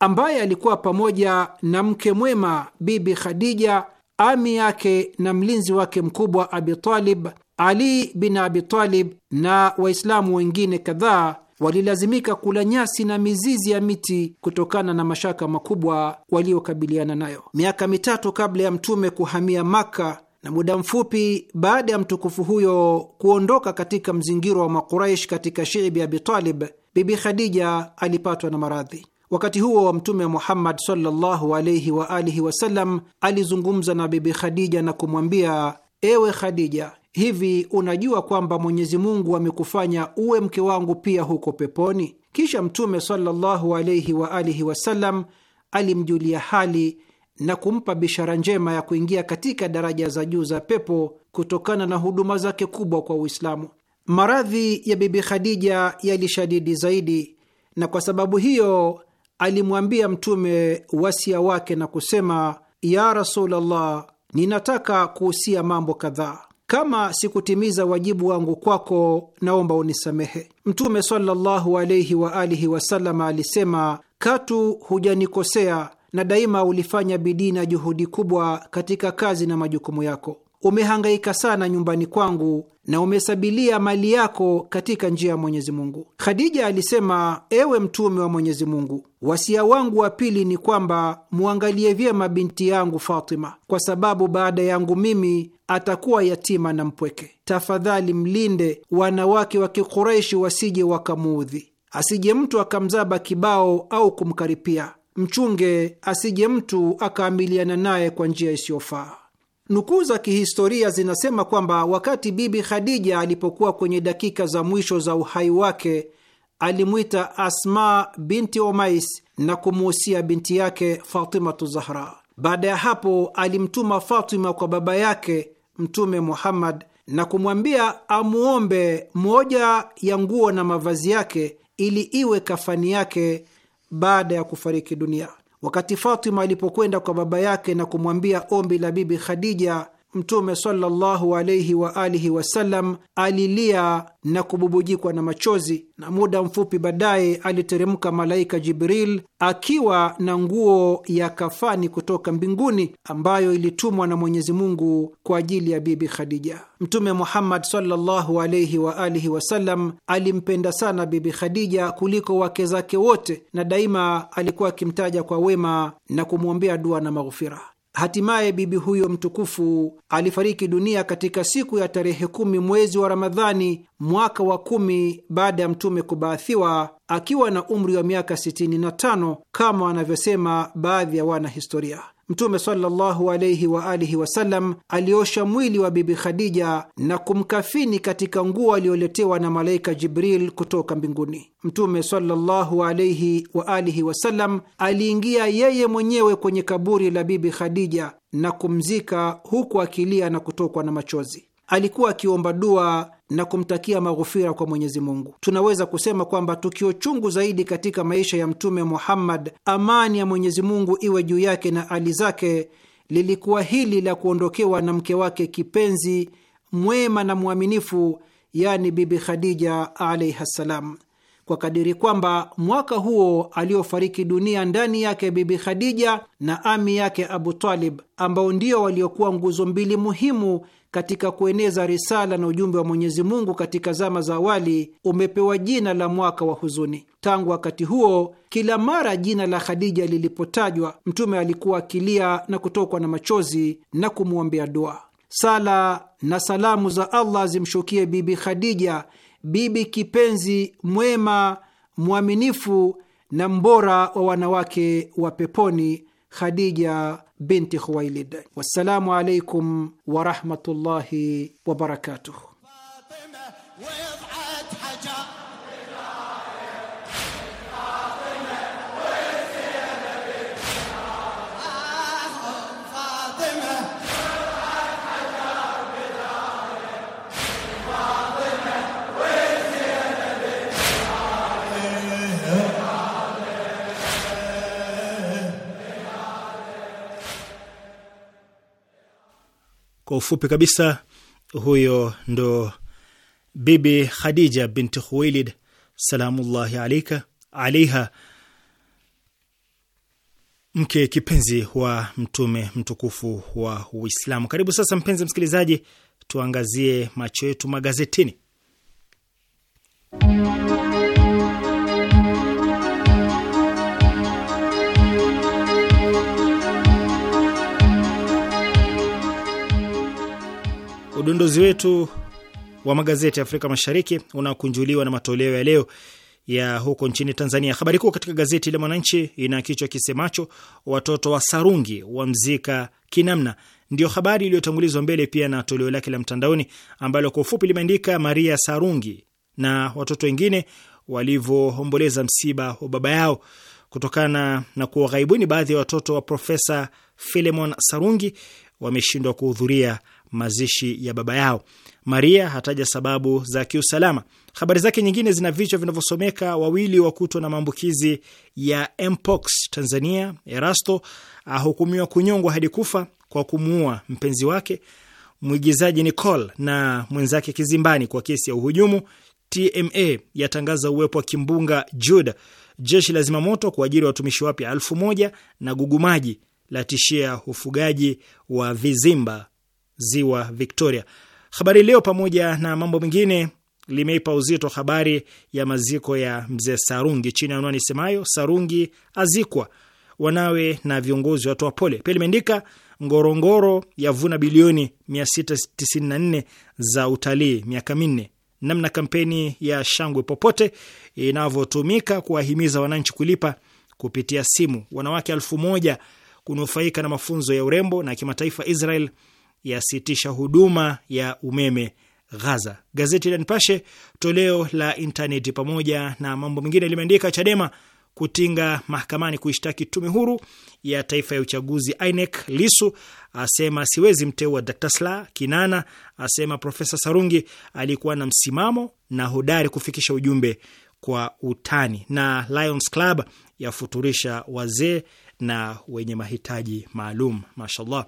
ambaye alikuwa pamoja na mke mwema Bibi Khadija, ami yake na mlinzi wake mkubwa Abitalib, Ali bin Abitalib na Waislamu wengine kadhaa walilazimika kula nyasi na mizizi ya miti kutokana na mashaka makubwa waliokabiliana nayo. Miaka mitatu kabla ya Mtume kuhamia Maka na muda mfupi baada ya mtukufu huyo kuondoka katika mzingiro wa Makuraish katika shiibi Abitalib, Bibi Khadija alipatwa na maradhi. Wakati huo wa Mtume Muhammad sallallahu alaihi wa alihi wasallam alizungumza na Bibi Khadija na kumwambia, ewe Khadija, hivi unajua kwamba Mwenyezi Mungu amekufanya uwe mke wangu pia huko peponi? Kisha Mtume sallallahu alaihi wa alihi wasallam alimjulia hali na kumpa bishara njema ya kuingia katika daraja za juu za pepo kutokana na huduma zake kubwa kwa Uislamu. Maradhi ya Bibi Khadija yalishadidi zaidi, na kwa sababu hiyo alimwambia Mtume wasia wake na kusema, ya Rasulullah, ninataka kuhusia mambo kadhaa kama sikutimiza wajibu wangu kwako, naomba unisamehe. Mtume sallallahu alaihi wa alihi wasallam alisema, katu hujanikosea na daima ulifanya bidii na juhudi kubwa katika kazi na majukumu yako umehangaika sana nyumbani kwangu na umesabilia mali yako katika njia ya Mwenyezi Mungu. Khadija alisema, ewe mtume wa Mwenyezi Mungu, wasia wangu wa pili ni kwamba muangalie vyema binti yangu Fatima, kwa sababu baada yangu mimi atakuwa yatima na mpweke. Tafadhali mlinde wanawake wa Kikureishi wasije wakamuudhi, asije mtu akamzaba kibao au kumkaripia. Mchunge asije mtu akaamiliana naye kwa njia isiyofaa. Nukuu za kihistoria zinasema kwamba wakati Bibi Khadija alipokuwa kwenye dakika za mwisho za uhai wake alimwita Asma binti Omais na kumuhusia binti yake Fatimatu Zahra. Baada ya hapo alimtuma Fatima kwa baba yake Mtume Muhammad na kumwambia amuombe moja ya nguo na mavazi yake ili iwe kafani yake baada ya kufariki dunia. Wakati Fatima alipokwenda kwa baba yake na kumwambia ombi la Bibi Khadija Mtume sallallahu alaihi wa alihi wasallam alilia na kububujikwa na machozi, na muda mfupi baadaye aliteremka malaika Jibril akiwa na nguo ya kafani kutoka mbinguni ambayo ilitumwa na Mwenyezi Mungu kwa ajili ya Bibi Khadija. Mtume Muhammad sallallahu alaihi wa alihi wasallam alimpenda sana Bibi Khadija kuliko wake zake wote, na daima alikuwa akimtaja kwa wema na kumwombea dua na maghufira. Hatimaye bibi huyo mtukufu alifariki dunia katika siku ya tarehe kumi mwezi wa Ramadhani mwaka wa kumi baada ya Mtume kubaathiwa akiwa na umri wa miaka 65 kama wanavyosema baadhi ya wanahistoria. Mtume sallallahu wa alihi wasallam aliosha mwili wa Bibi Khadija na kumkafini katika nguo aliyoletewa na malaika Jibril kutoka mbinguni. Mtume sallallahu wa alihi wasallam aliingia yeye mwenyewe kwenye kaburi la Bibi Khadija na kumzika huku akilia na kutokwa na machozi. Alikuwa akiomba dua na kumtakia maghufira kwa Mwenyezi Mungu. Tunaweza kusema kwamba tukio chungu zaidi katika maisha ya Mtume Muhammad, amani ya Mwenyezi Mungu iwe juu yake na ali zake, lilikuwa hili la kuondokewa na mke wake kipenzi, mwema na mwaminifu, yani Bibi Khadija alaihi ssalam, kwa kadiri kwamba mwaka huo aliofariki dunia ndani yake Bibi Khadija na ami yake Abu Talib, ambao ndio waliokuwa nguzo mbili muhimu katika kueneza risala na ujumbe wa Mwenyezi Mungu katika zama za awali umepewa jina la mwaka wa huzuni. Tangu wakati huo, kila mara jina la Khadija lilipotajwa, Mtume alikuwa akilia na kutokwa na machozi na kumwombea dua. Sala na salamu za Allah zimshukie Bibi Khadija, bibi kipenzi, mwema, mwaminifu na mbora wa wanawake wa peponi خديجة بنت خويلد والسلام عليكم ورحمة الله وبركاته Kwa ufupi kabisa, huyo ndo Bibi Khadija binti Khuwailid salamullahi alaika alaiha, mke kipenzi wa mtume mtukufu wa Uislamu. Karibu sasa, mpenzi msikilizaji, tuangazie macho yetu magazetini. Udondozi wetu wa magazeti ya Afrika Mashariki unakunjuliwa na matoleo ya leo ya huko nchini Tanzania. Habari kuu katika gazeti la Mwananchi ina kichwa kisemacho watoto wa Sarungi wamzika kinamna. Ndio habari iliyotangulizwa mbele pia na toleo lake la mtandaoni ambalo kwa ufupi limeandika Maria Sarungi na watoto wengine walivyoomboleza msiba wa baba yao kutokana na kuwa ghaibuni. Baadhi ya watoto wa Profesa Filemon Sarungi wameshindwa kuhudhuria mazishi ya baba yao. Maria hataja sababu za kiusalama. Habari zake nyingine zina vichwa vinavyosomeka: wawili wakutwa na maambukizi ya mpox Tanzania, Erasto ahukumiwa kunyongwa hadi kufa kwa kumuua mpenzi wake, mwigizaji Nicole na mwenzake kizimbani kwa kesi ya uhujumu, TMA yatangaza uwepo wa kimbunga Juda, jeshi la zimamoto kuajiri watumishi wapya elfu moja na gugumaji la tishia ufugaji wa vizimba ziwa Victoria. Habari Leo pamoja na mambo mengine limeipa uzito habari ya maziko ya mzee Sarungi chini ya anwani semayo Sarungi azikwa, wanawe na viongozi watoa pole. Pia limeandika Ngorongoro yavuna bilioni 694 za utalii miaka minne, namna kampeni ya shangwe popote inavyotumika kuwahimiza wananchi kulipa kupitia simu, wanawake elfu moja kunufaika na mafunzo ya urembo, na kimataifa Israel yasitisha huduma ya umeme Gaza. Gazeti la Nipashe toleo la intaneti, pamoja na mambo mengine, limeandika Chadema kutinga mahakamani kuishtaki tume huru ya taifa ya uchaguzi INEC. Lisu asema siwezi mteua Dr. Sla. Kinana asema Profesa Sarungi alikuwa na msimamo na hodari kufikisha ujumbe kwa utani, na Lions Club yafuturisha wazee na wenye mahitaji maalum. Mashallah.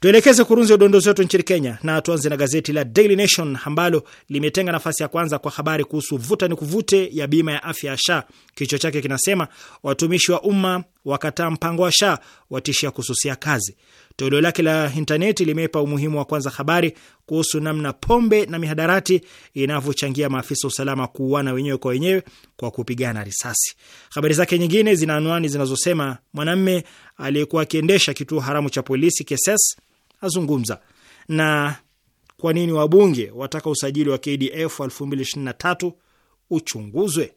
Tuelekeze kurunzi ya udondozi wetu nchini Kenya na tuanze na gazeti la Daily Nation ambalo limetenga nafasi ya kwanza kwa habari kuhusu vuta ni kuvute ya bima ya afya ya SHA. Kichwa chake kinasema watumishi wa umma wakataa mpango wa SHA, watishia kususia kazi. Toleo lake la intaneti limeipa umuhimu wa kwanza habari kuhusu namna pombe na mihadarati inavyochangia maafisa usalama kuuana wenyewe kwa wenyewe kwa kupigana risasi. Habari zake nyingine zina anwani zinazosema mwanamme aliyekuwa akiendesha kituo haramu cha polisi Keses azungumza na kwa nini wabunge wataka usajili wa KDF 2023 uchunguzwe.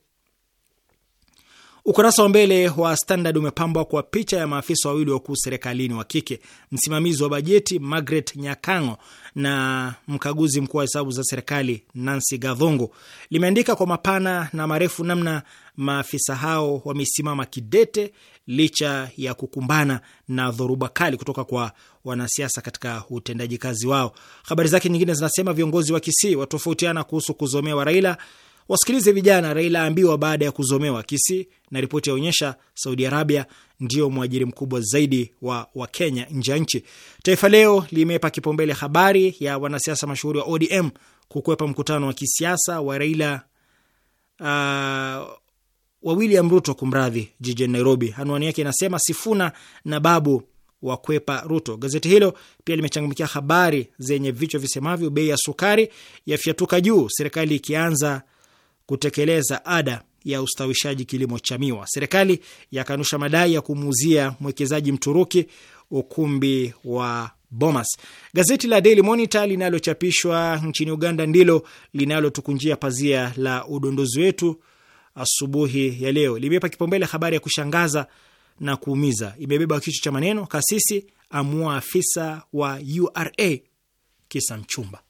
Ukurasa wa mbele wa Standard umepambwa kwa picha ya maafisa wawili wakuu serikalini wa kike, msimamizi wa bajeti Margaret Nyakango na mkaguzi mkuu wa hesabu za serikali Nancy Gathongo. Limeandika kwa mapana na marefu namna maafisa hao wamesimama kidete licha ya kukumbana na dhoruba kali kutoka kwa wanasiasa katika utendaji kazi wao. Habari zake nyingine zinasema viongozi wa Kisii watofautiana kuhusu kuzomewa Raila. Wasikilize vijana, Raila aambiwa baada ya kuzomewa Kisii. Na ripoti yaonyesha Saudi Arabia ndio mwajiri mkubwa zaidi wa Wakenya nje ya nchi. Taifa Leo limepa kipaumbele habari ya wanasiasa mashuhuri wa ODM kukwepa mkutano wa kisiasa wa Raila uh, wa William Ruto, kumradhi, jijini Nairobi. Anwani yake inasema Sifuna na Babu wakwepa Ruto. Gazeti hilo pia limechangamkia habari zenye vichwa visemavyo: bei ya sukari yafyatuka juu, serikali ikianza kutekeleza ada ya ustawishaji kilimo cha miwa. Serikali yakanusha madai ya kumuuzia mwekezaji Mturuki ukumbi wa Bomas. Gazeti la Daily Monitor linalochapishwa nchini Uganda ndilo linalotukunjia pazia la udondozi wetu asubuhi ya leo. Limeipa kipaumbele habari ya kushangaza na kuumiza, imebeba kichwa cha maneno kasisi amua afisa wa URA kisa mchumba.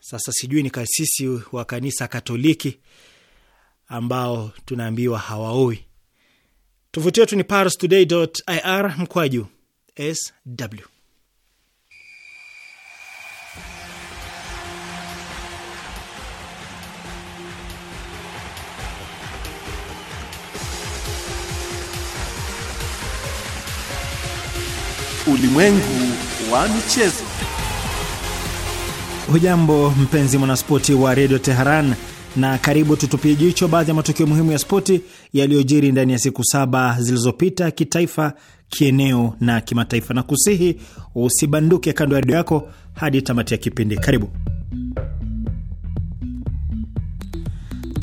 Sasa sijui ni kasisi wa kanisa Katoliki ambao tunaambiwa hawaoi Tovuti yetu ni parstoday.ir mkwaju sw. Ulimwengu wa michezo. Hujambo mpenzi mwanaspoti wa redio Teheran na karibu tutupie jicho baadhi ya matukio muhimu ya spoti yaliyojiri ndani ya siku saba zilizopita, kitaifa, kieneo na kimataifa, na kusihi usibanduke kando ya redio yako hadi tamati ya kipindi. Karibu.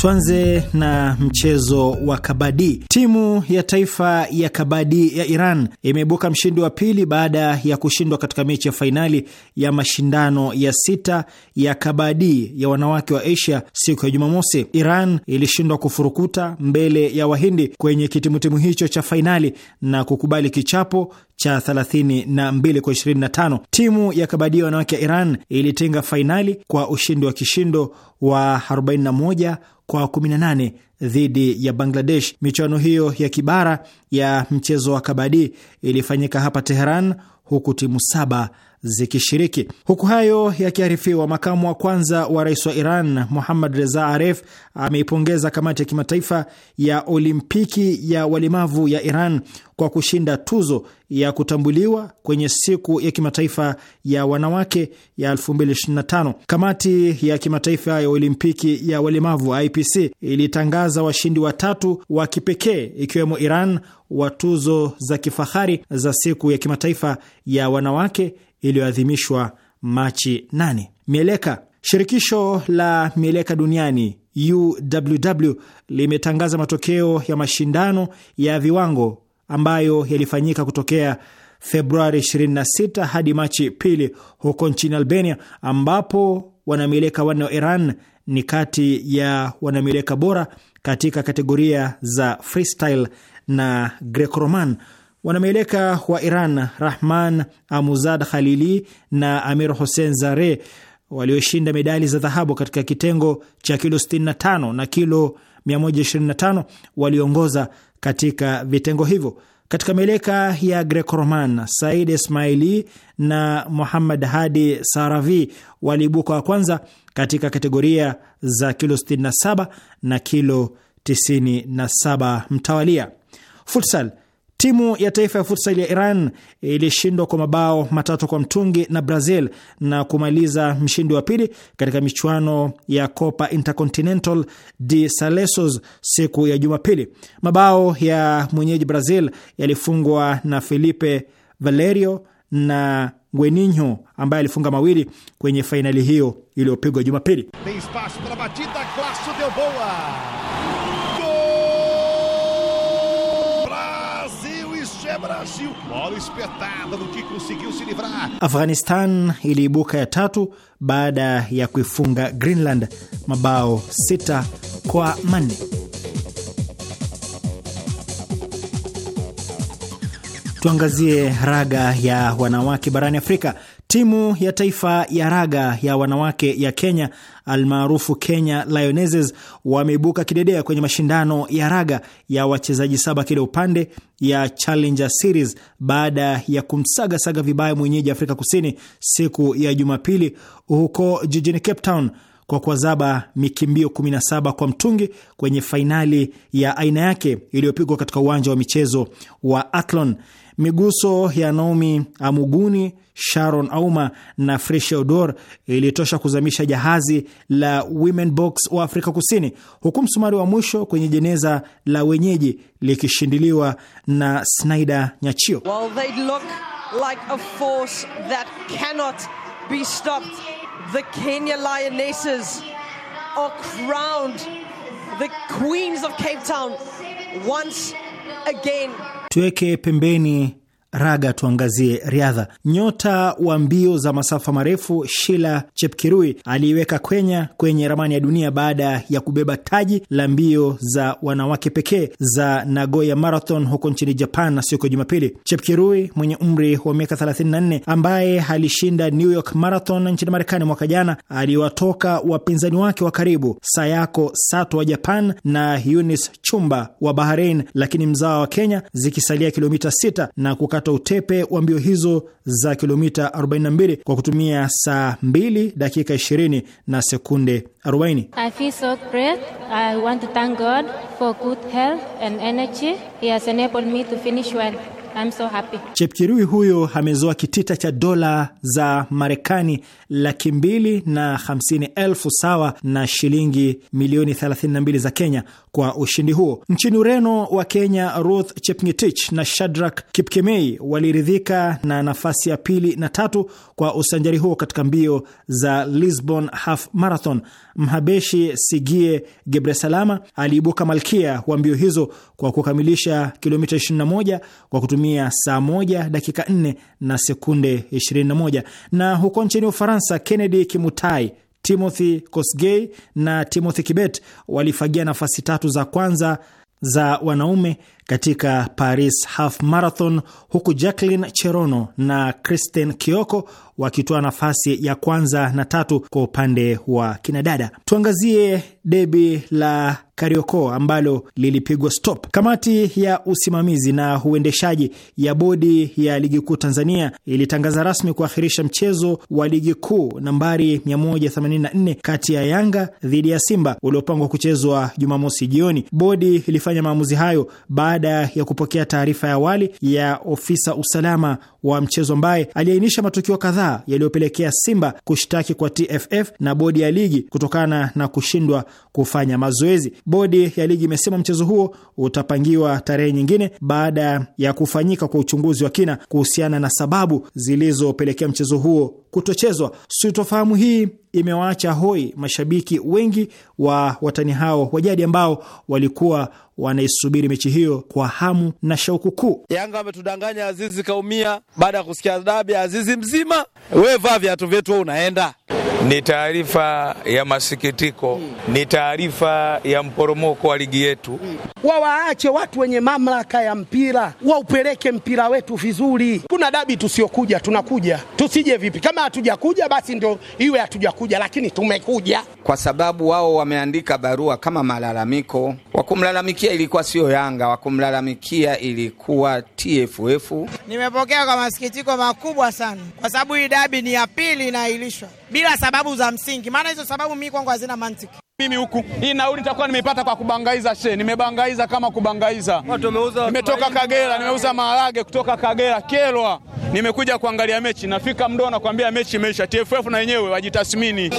Tuanze na mchezo wa kabadi. Timu ya taifa ya kabadi ya Iran imeibuka mshindi wa pili baada ya kushindwa katika mechi ya fainali ya mashindano ya sita ya kabadi ya wanawake wa Asia siku ya Jumamosi. Iran ilishindwa kufurukuta mbele ya Wahindi kwenye kitimutimu hicho cha fainali na kukubali kichapo cha 32 kwa 25. Timu ya kabadi ya wanawake ya Iran ilitinga fainali kwa ushindi wa kishindo wa 41 kwa 18 dhidi ya Bangladesh. Michuano hiyo ya kibara ya mchezo wa kabadi ilifanyika hapa Teheran, huku timu saba zikishiriki. Huku hayo yakiarifiwa, makamu wa kwanza wa rais wa Iran Muhammad Reza Aref ameipongeza kamati ya kimataifa ya olimpiki ya walemavu ya Iran kwa kushinda tuzo ya kutambuliwa kwenye siku ya kimataifa ya wanawake ya 2025. Kamati ya kimataifa ya olimpiki ya walemavu IPC ilitangaza washindi watatu wa kipekee ikiwemo Iran wa tuzo za kifahari za siku ya kimataifa ya wanawake iliyoadhimishwa Machi 8. Mieleka. Shirikisho la mieleka duniani UWW limetangaza matokeo ya mashindano ya viwango ambayo yalifanyika kutokea Februari 26 hadi Machi pili huko nchini Albania, ambapo wanamieleka wanne wa Iran ni kati ya wanamieleka bora katika kategoria za freestyle na Greco-Roman wanameleka wa Iran Rahman Amuzad Khalili na Amir Hossein Zare walioshinda medali za dhahabu katika kitengo cha kilo 65 na kilo 125 waliongoza katika vitengo hivyo. Katika meleka ya Greco-Roman, Said Ismaili na Muhammad Hadi Saravi waliibuka wa kwanza katika kategoria za kilo 67 na kilo 97 mtawalia. Futsal Timu ya taifa ya futsal ya Iran ilishindwa kwa mabao matatu kwa mtungi na Brazil na kumaliza mshindi wa pili katika michuano ya Copa Intercontinental de Salesos siku ya Jumapili. Mabao ya mwenyeji Brazil yalifungwa na Felipe Valerio na Gueninho ambaye alifunga mawili kwenye fainali hiyo iliyopigwa Jumapili. Brasil! Bola espetada do que conseguiu se livrar. Afghanistan iliibuka ya tatu baada ya kuifunga Greenland mabao sita kwa manne. Tuangazie raga ya wanawake barani Afrika. Timu ya taifa ya raga ya wanawake ya Kenya almaarufu Kenya Lionesses wameibuka kidedea kwenye mashindano ya raga ya wachezaji saba kila upande ya Challenger Series baada ya kumsagasaga vibaya mwenyeji Afrika Kusini siku ya Jumapili huko jijini Cape Town kwa kuwazaba mikimbio 17 kwa mtungi kwenye fainali ya aina yake iliyopigwa katika uwanja wa michezo wa Athlone. Miguso ya Naomi Amuguni, Sharon Auma na fresh Odor ilitosha kuzamisha jahazi la Women Box wa Afrika Kusini, huku msumari wa mwisho kwenye jeneza la wenyeji likishindiliwa na Snyder Nyachio. Well, they tuweke pembeni raga tuangazie riadha. Nyota wa mbio za masafa marefu Shila Chepkirui aliiweka Kenya kwenye ramani ya dunia baada ya kubeba taji la mbio za wanawake pekee za Nagoya Marathon huko nchini Japan na siku ya Jumapili. Chepkirui mwenye umri wa miaka 34 ambaye alishinda New York Marathon nchini Marekani mwaka jana aliwatoka wapinzani wake wa karibu Sayako Sato wa Japan na unis Chumba wa Bahrain, lakini mzawa wa Kenya zikisalia kilomita 6 na kukata kupata utepe wa mbio hizo za kilomita 42 kwa kutumia saa 2 dakika 20 na sekunde 40. I feel so great. I want to thank God for good health and energy. He has enabled me to finish well. I'm so happy. Chepkirui huyo amezoa kitita cha dola za Marekani laki mbili na hamsini elfu sawa na shilingi milioni 32 za Kenya kwa ushindi huo. Nchini Ureno, wa Kenya Ruth Chepngetich na Shadrack Kipkemei waliridhika na nafasi ya pili na tatu kwa usanjari huo katika mbio za Lisbon Half Marathon. Mhabeshi Sigie Gebresalama aliibuka malkia wa mbio hizo kwa kukamilisha kilomita 21 kwa kutumia saa 1 dakika 4 na sekunde 21. Na huko nchini Ufaransa, Kennedy Kimutai Timothy Kosgei na Timothy Kibet walifagia nafasi tatu za kwanza za wanaume katika Paris Half Marathon, huku Jacqueline Cherono na Kristen Kioko wakitoa nafasi ya kwanza na tatu kwa upande wa kinadada. Tuangazie debi la Karioko ambalo lilipigwa stop. Kamati ya usimamizi na uendeshaji ya bodi ya ligi kuu Tanzania ilitangaza rasmi kuahirisha mchezo wa ligi kuu nambari 184 kati ya Yanga dhidi ya Simba uliopangwa kuchezwa Jumamosi jioni. Bodi ilifanya maamuzi hayo baada baada ya kupokea taarifa ya awali ya ofisa usalama wa mchezo ambaye aliainisha matukio kadhaa yaliyopelekea Simba kushtaki kwa TFF na bodi ya ligi kutokana na kushindwa kufanya mazoezi. Bodi ya ligi imesema mchezo huo utapangiwa tarehe nyingine baada ya kufanyika kwa uchunguzi wa kina kuhusiana na sababu zilizopelekea mchezo huo kutochezwa. Sitofahamu hii imewaacha hoi mashabiki wengi wa watani hao wa jadi ambao walikuwa wanaisubiri mechi hiyo kwa hamu na shauku kuu. Yanga wametudanganya, Azizi kaumia baada ya kusikia dabi. Azizi mzima, we vaa viatu vyetu, unaenda. Ni taarifa ya masikitiko Ni taarifa ya mporomoko wa ligi yetu Wawaache watu wenye mamlaka ya mpira waupeleke mpira wetu vizuri. Kuna dabi tusiokuja, tunakuja tusije vipi? Kama hatujakuja basi ndo iwe hatujakuja, lakini tumekuja kwa sababu wao wameandika barua kama malalamiko wakumlalamikia kumlalamikia ilikuwa sio Yanga, wa kumlalamikia ilikuwa TFF. Nimepokea kwa masikitiko makubwa sana, kwa sababu hii dabi ni ya pili inaahirishwa bila sababu za msingi, maana hizo sababu mimi kwangu hazina mantiki. Mimi huku hii nauli nitakuwa nimeipata kwa kubangaiza she, nimebangaiza kama kubangaiza. Nimetoka Kagera, nimeuza maharage kutoka Kagera Kelwa, nimekuja kuangalia mechi, nafika mdo nakwambia mechi imeisha. TFF na wenyewe wajitathmini.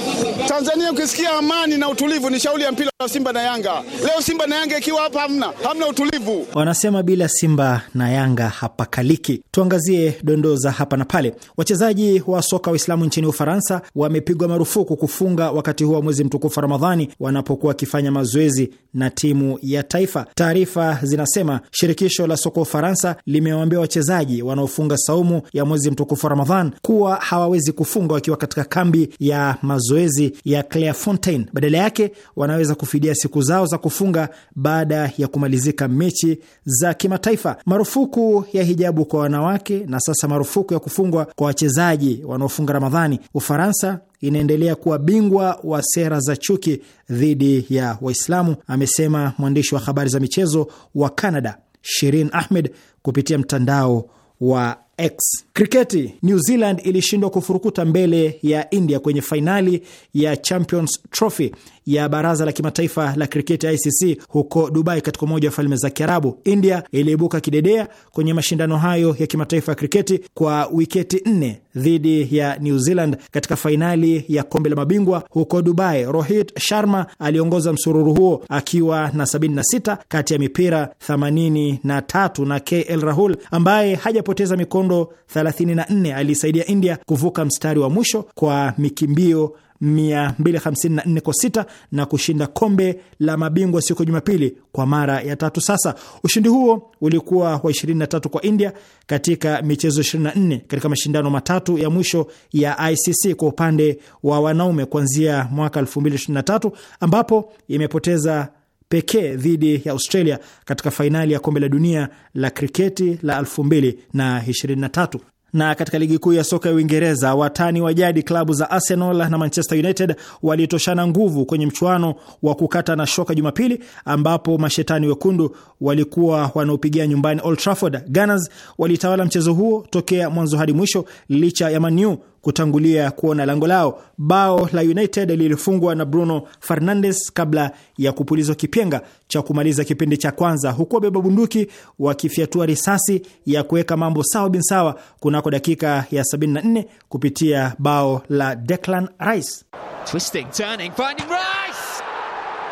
Tanzania ukisikia amani na utulivu ni shauri ya mpira wa Simba na Yanga. Leo Simba na Yanga ikiwa hapa, hamna hamna utulivu. Wanasema bila Simba na Yanga hapakaliki. Tuangazie dondoo za hapa na pale. Wachezaji wa soka Waislamu nchini Ufaransa wamepigwa marufuku kufunga wakati huo wa mwezi mtukufu Ramadhani wanapokuwa wakifanya mazoezi na timu ya taifa. Taarifa zinasema shirikisho la soka Ufaransa limewaambia wachezaji wanaofunga saumu ya mwezi mtukufu Ramadhan kuwa hawawezi kufunga wakiwa katika kambi ya mazoezi ya Clairefontaine. Badala yake wanaweza kufidia siku zao za kufunga baada ya kumalizika mechi za kimataifa. Marufuku ya hijabu kwa wanawake na sasa marufuku ya kufungwa kwa wachezaji wanaofunga Ramadhani. Ufaransa inaendelea kuwa bingwa wa sera za chuki dhidi ya Waislamu, amesema mwandishi wa habari za michezo wa Canada Shirin Ahmed kupitia mtandao wa X. Kriketi, New Zealand ilishindwa kufurukuta mbele ya India kwenye fainali ya Champions Trophy ya baraza la kimataifa la kriketi ICC huko Dubai, katika Umoja wa Falme za Kiarabu. India iliibuka kidedea kwenye mashindano hayo ya kimataifa ya kriketi kwa wiketi nne dhidi ya New Zealand katika fainali ya kombe la mabingwa huko Dubai. Rohit Sharma aliongoza msururu huo akiwa na 76 kati ya mipira 83 na na KL Rahul ambaye hajapoteza mikondo 34 aliisaidia India kuvuka mstari wa mwisho kwa mikimbio 254 kwa 6 na kushinda kombe la mabingwa siku ya Jumapili kwa mara ya tatu sasa. Ushindi huo ulikuwa wa 23 kwa India katika michezo 24 katika mashindano matatu ya mwisho ya ICC kwa upande wa wanaume kuanzia mwaka 2023 ambapo imepoteza pekee dhidi ya Australia katika fainali ya kombe la dunia la kriketi la 2023 na katika ligi kuu ya soka ya Uingereza, watani wa jadi klabu za Arsenal na Manchester United walitoshana nguvu kwenye mchuano wa kukata na shoka Jumapili, ambapo mashetani wekundu walikuwa wanaopigia nyumbani Old Trafford. Gunners walitawala mchezo huo tokea mwanzo hadi mwisho licha ya Manu kutangulia kuona lango lao. Bao la United lilifungwa na Bruno Fernandes kabla ya kupulizwa kipenga cha kumaliza kipindi cha kwanza, huku wabeba bunduki wakifyatua risasi ya kuweka mambo sawa bin sawa kunako dakika ya 74 kupitia bao la Declan Rice. Twisting, turning, finding Rice!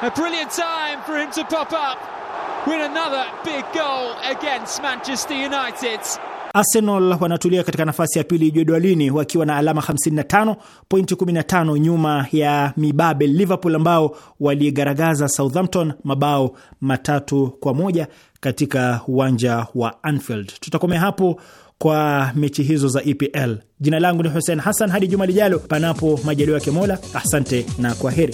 A brilliant time for him to pop up with another big goal against Manchester United. Arsenal wanatulia katika nafasi ya pili jedwalini wakiwa na alama 55, pointi 15 nyuma ya mibabe Liverpool ambao waligaragaza Southampton mabao matatu kwa moja katika uwanja wa Anfield. Tutakomea hapo kwa mechi hizo za EPL. Jina langu ni Hussein Hassan, hadi juma lijalo, panapo majaliwa yake Mola. Asante na kwa heri.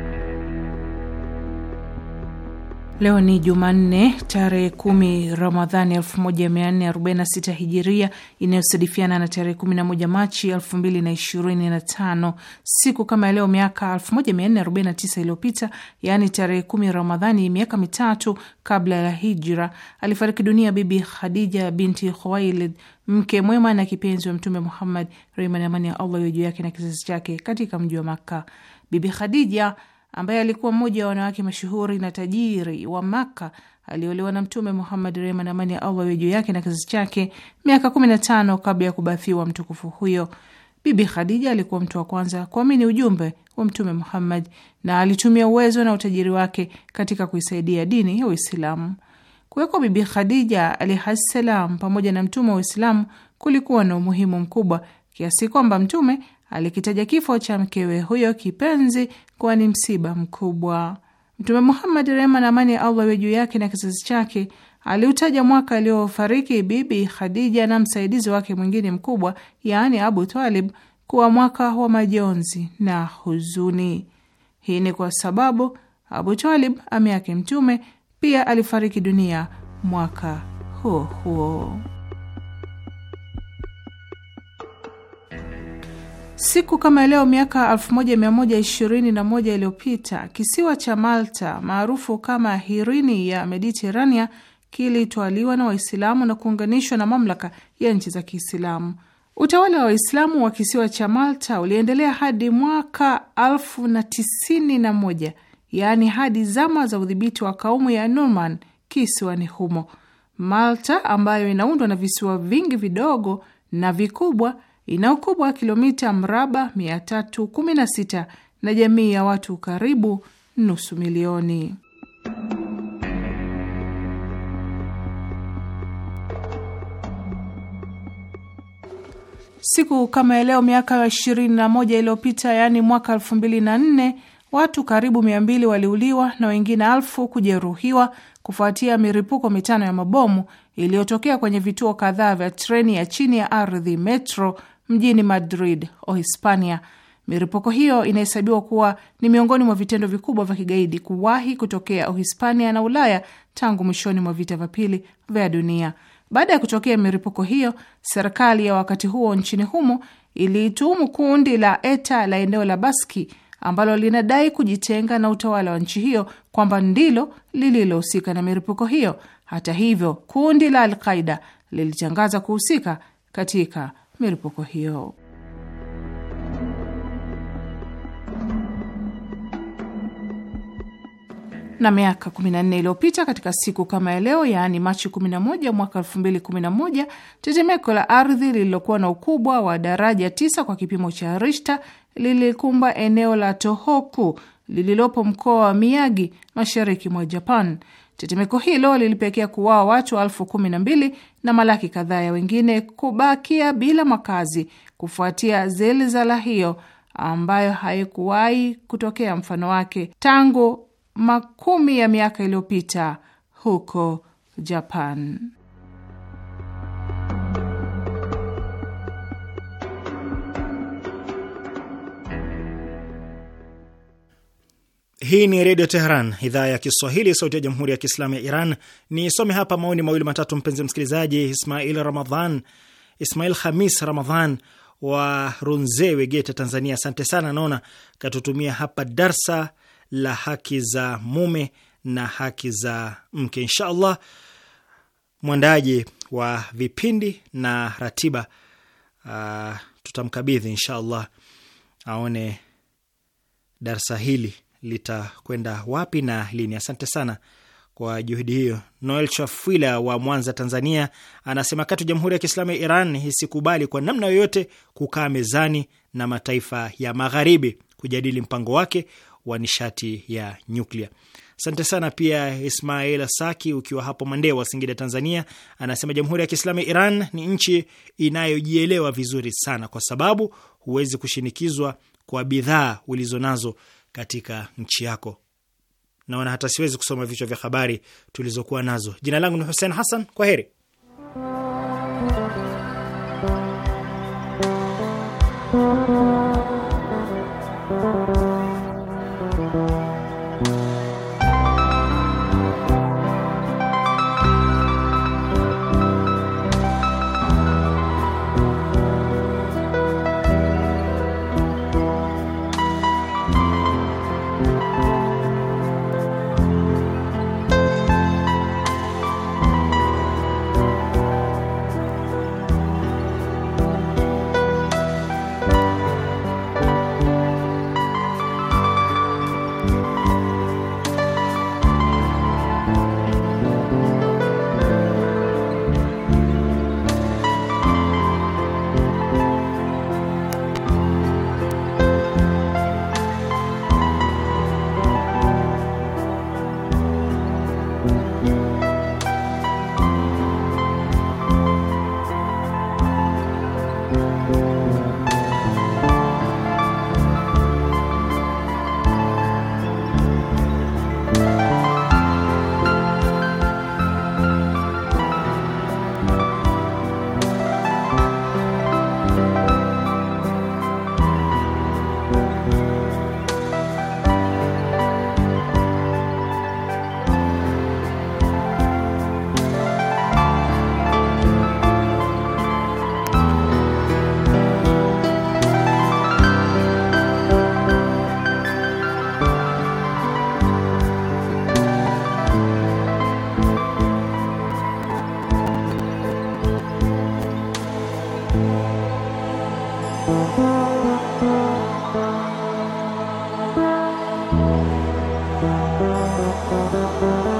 Leo ni Jumanne tarehe kumi Ramadhani 1446 hijiria inayosadifiana na tarehe 11 Machi 2025. Siku kama leo miaka 1449 iliyopita, yaani tarehe kumi Ramadhani, miaka mitatu kabla ya hijra, alifariki dunia Bibi Khadija binti Khuwailid, mke mwema na kipenzi wa Mtume Muhammad, rehma na amani ya Allah juu yake na kizazi chake, katika mji wa Makka. Bibi Khadija ambaye alikuwa mmoja wa wanawake mashuhuri na tajiri wa Maka. Aliolewa na Mtume Muhammad, rehma na amani ya Allah iwe juu yake na kizazi chake, miaka 15 kabla ya kubathiwa mtukufu huyo. Bibi Khadija alikuwa mtu wa kwanza kuamini ujumbe wa Mtume Muhammad na alitumia uwezo na utajiri wake katika kuisaidia dini ya Uislamu. Kuwekwa Bibi Khadija alaihis salam pamoja na mtume wa Uislamu kulikuwa na umuhimu mkubwa kiasi kwamba mtume alikitaja kifo cha mkewe huyo kipenzi kuwa ni msiba mkubwa. Mtume Muhammad, rehma na amani ya Allah iwe juu yake na kizazi chake, aliutaja mwaka aliofariki Bibi Khadija na msaidizi wake mwingine mkubwa, yaani Abu Talib, kuwa mwaka wa majonzi na huzuni. Hii ni kwa sababu Abu Talib ami yake Mtume pia alifariki dunia mwaka huo huo. Siku kama leo miaka 1121 iliyopita kisiwa cha Malta maarufu kama Hirini ya Mediterania kilitwaliwa na Waislamu na kuunganishwa na mamlaka ya nchi za Kiislamu. Utawala wa Waislamu wa kisiwa cha Malta uliendelea hadi mwaka 1091, yaani hadi zama za udhibiti wa kaumu ya Norman kisiwani humo. Malta ambayo inaundwa na visiwa vingi vidogo na vikubwa ina ukubwa wa kilomita mraba 316 na jamii ya watu karibu nusu milioni. Siku kama ya leo miaka ya 21 iliyopita, yaani mwaka 2004, watu karibu 200 waliuliwa na wengine alfu kujeruhiwa kufuatia miripuko mitano ya mabomu iliyotokea kwenye vituo kadhaa vya treni ya chini ya ardhi metro mjini Madrid, Uhispania. Miripuko hiyo inahesabiwa kuwa ni miongoni mwa vitendo vikubwa vya kigaidi kuwahi kutokea Uhispania na Ulaya tangu mwishoni mwa vita vya pili vya dunia. Baada ya kutokea miripuko hiyo, serikali ya wakati huo nchini humo iliituhumu kundi la ETA la eneo la Baski ambalo linadai kujitenga na utawala wa nchi hiyo kwamba ndilo lililohusika na milipuko hiyo. Hata hivyo, kundi la Alqaida lilitangaza kuhusika katika milipuko hiyo. na miaka 14 iliyopita katika siku kama ya leo, yaani Machi 11 mwaka 2011, tetemeko la ardhi lililokuwa na ukubwa wa daraja 9 kwa kipimo cha Richter lilikumba eneo la Tohoku lililopo mkoa wa Miyagi mashariki mwa Japan. Tetemeko hilo lilipelekea kuuawa watu elfu kumi na mbili na malaki kadhaa ya wengine kubakia bila makazi kufuatia zilizala hiyo ambayo haikuwahi kutokea mfano wake tangu makumi ya miaka iliyopita huko Japan. Hii ni Redio Teheran, idhaa ya Kiswahili, sauti ya Jamhuri ya Kiislamu ya Iran. Nisome hapa maoni mawili matatu, mpenzi msikilizaji. Ismail Ramadhan, Ismail Hamis Ramadhan wa Runzewe, wegeta Tanzania, asante sana. Naona katutumia hapa darsa la haki za mume na haki za mke. Insha allah mwandaji wa vipindi na ratiba uh, tutamkabidhi insha allah aone darsa hili litakwenda wapi na lini. Asante sana kwa juhudi hiyo. Noel Chafwila wa Mwanza, Tanzania, anasema katu Jamhuri ya Kiislamu ya Iran isikubali kwa namna yoyote kukaa mezani na mataifa ya Magharibi kujadili mpango wake wa nishati ya nyuklia. Asante sana pia Ismail Saki ukiwa hapo wa Singida, Tanzania, anasema Jamhuri ya Kiislamu ya Iran ni nchi inayojielewa vizuri sana, kwa sababu huwezi kushinikizwa kwa bidhaa ulizonazo katika nchi yako. Naona hata siwezi kusoma vichwa vya habari tulizokuwa nazo. Jina langu ni Hussein Hassan, kwa heri.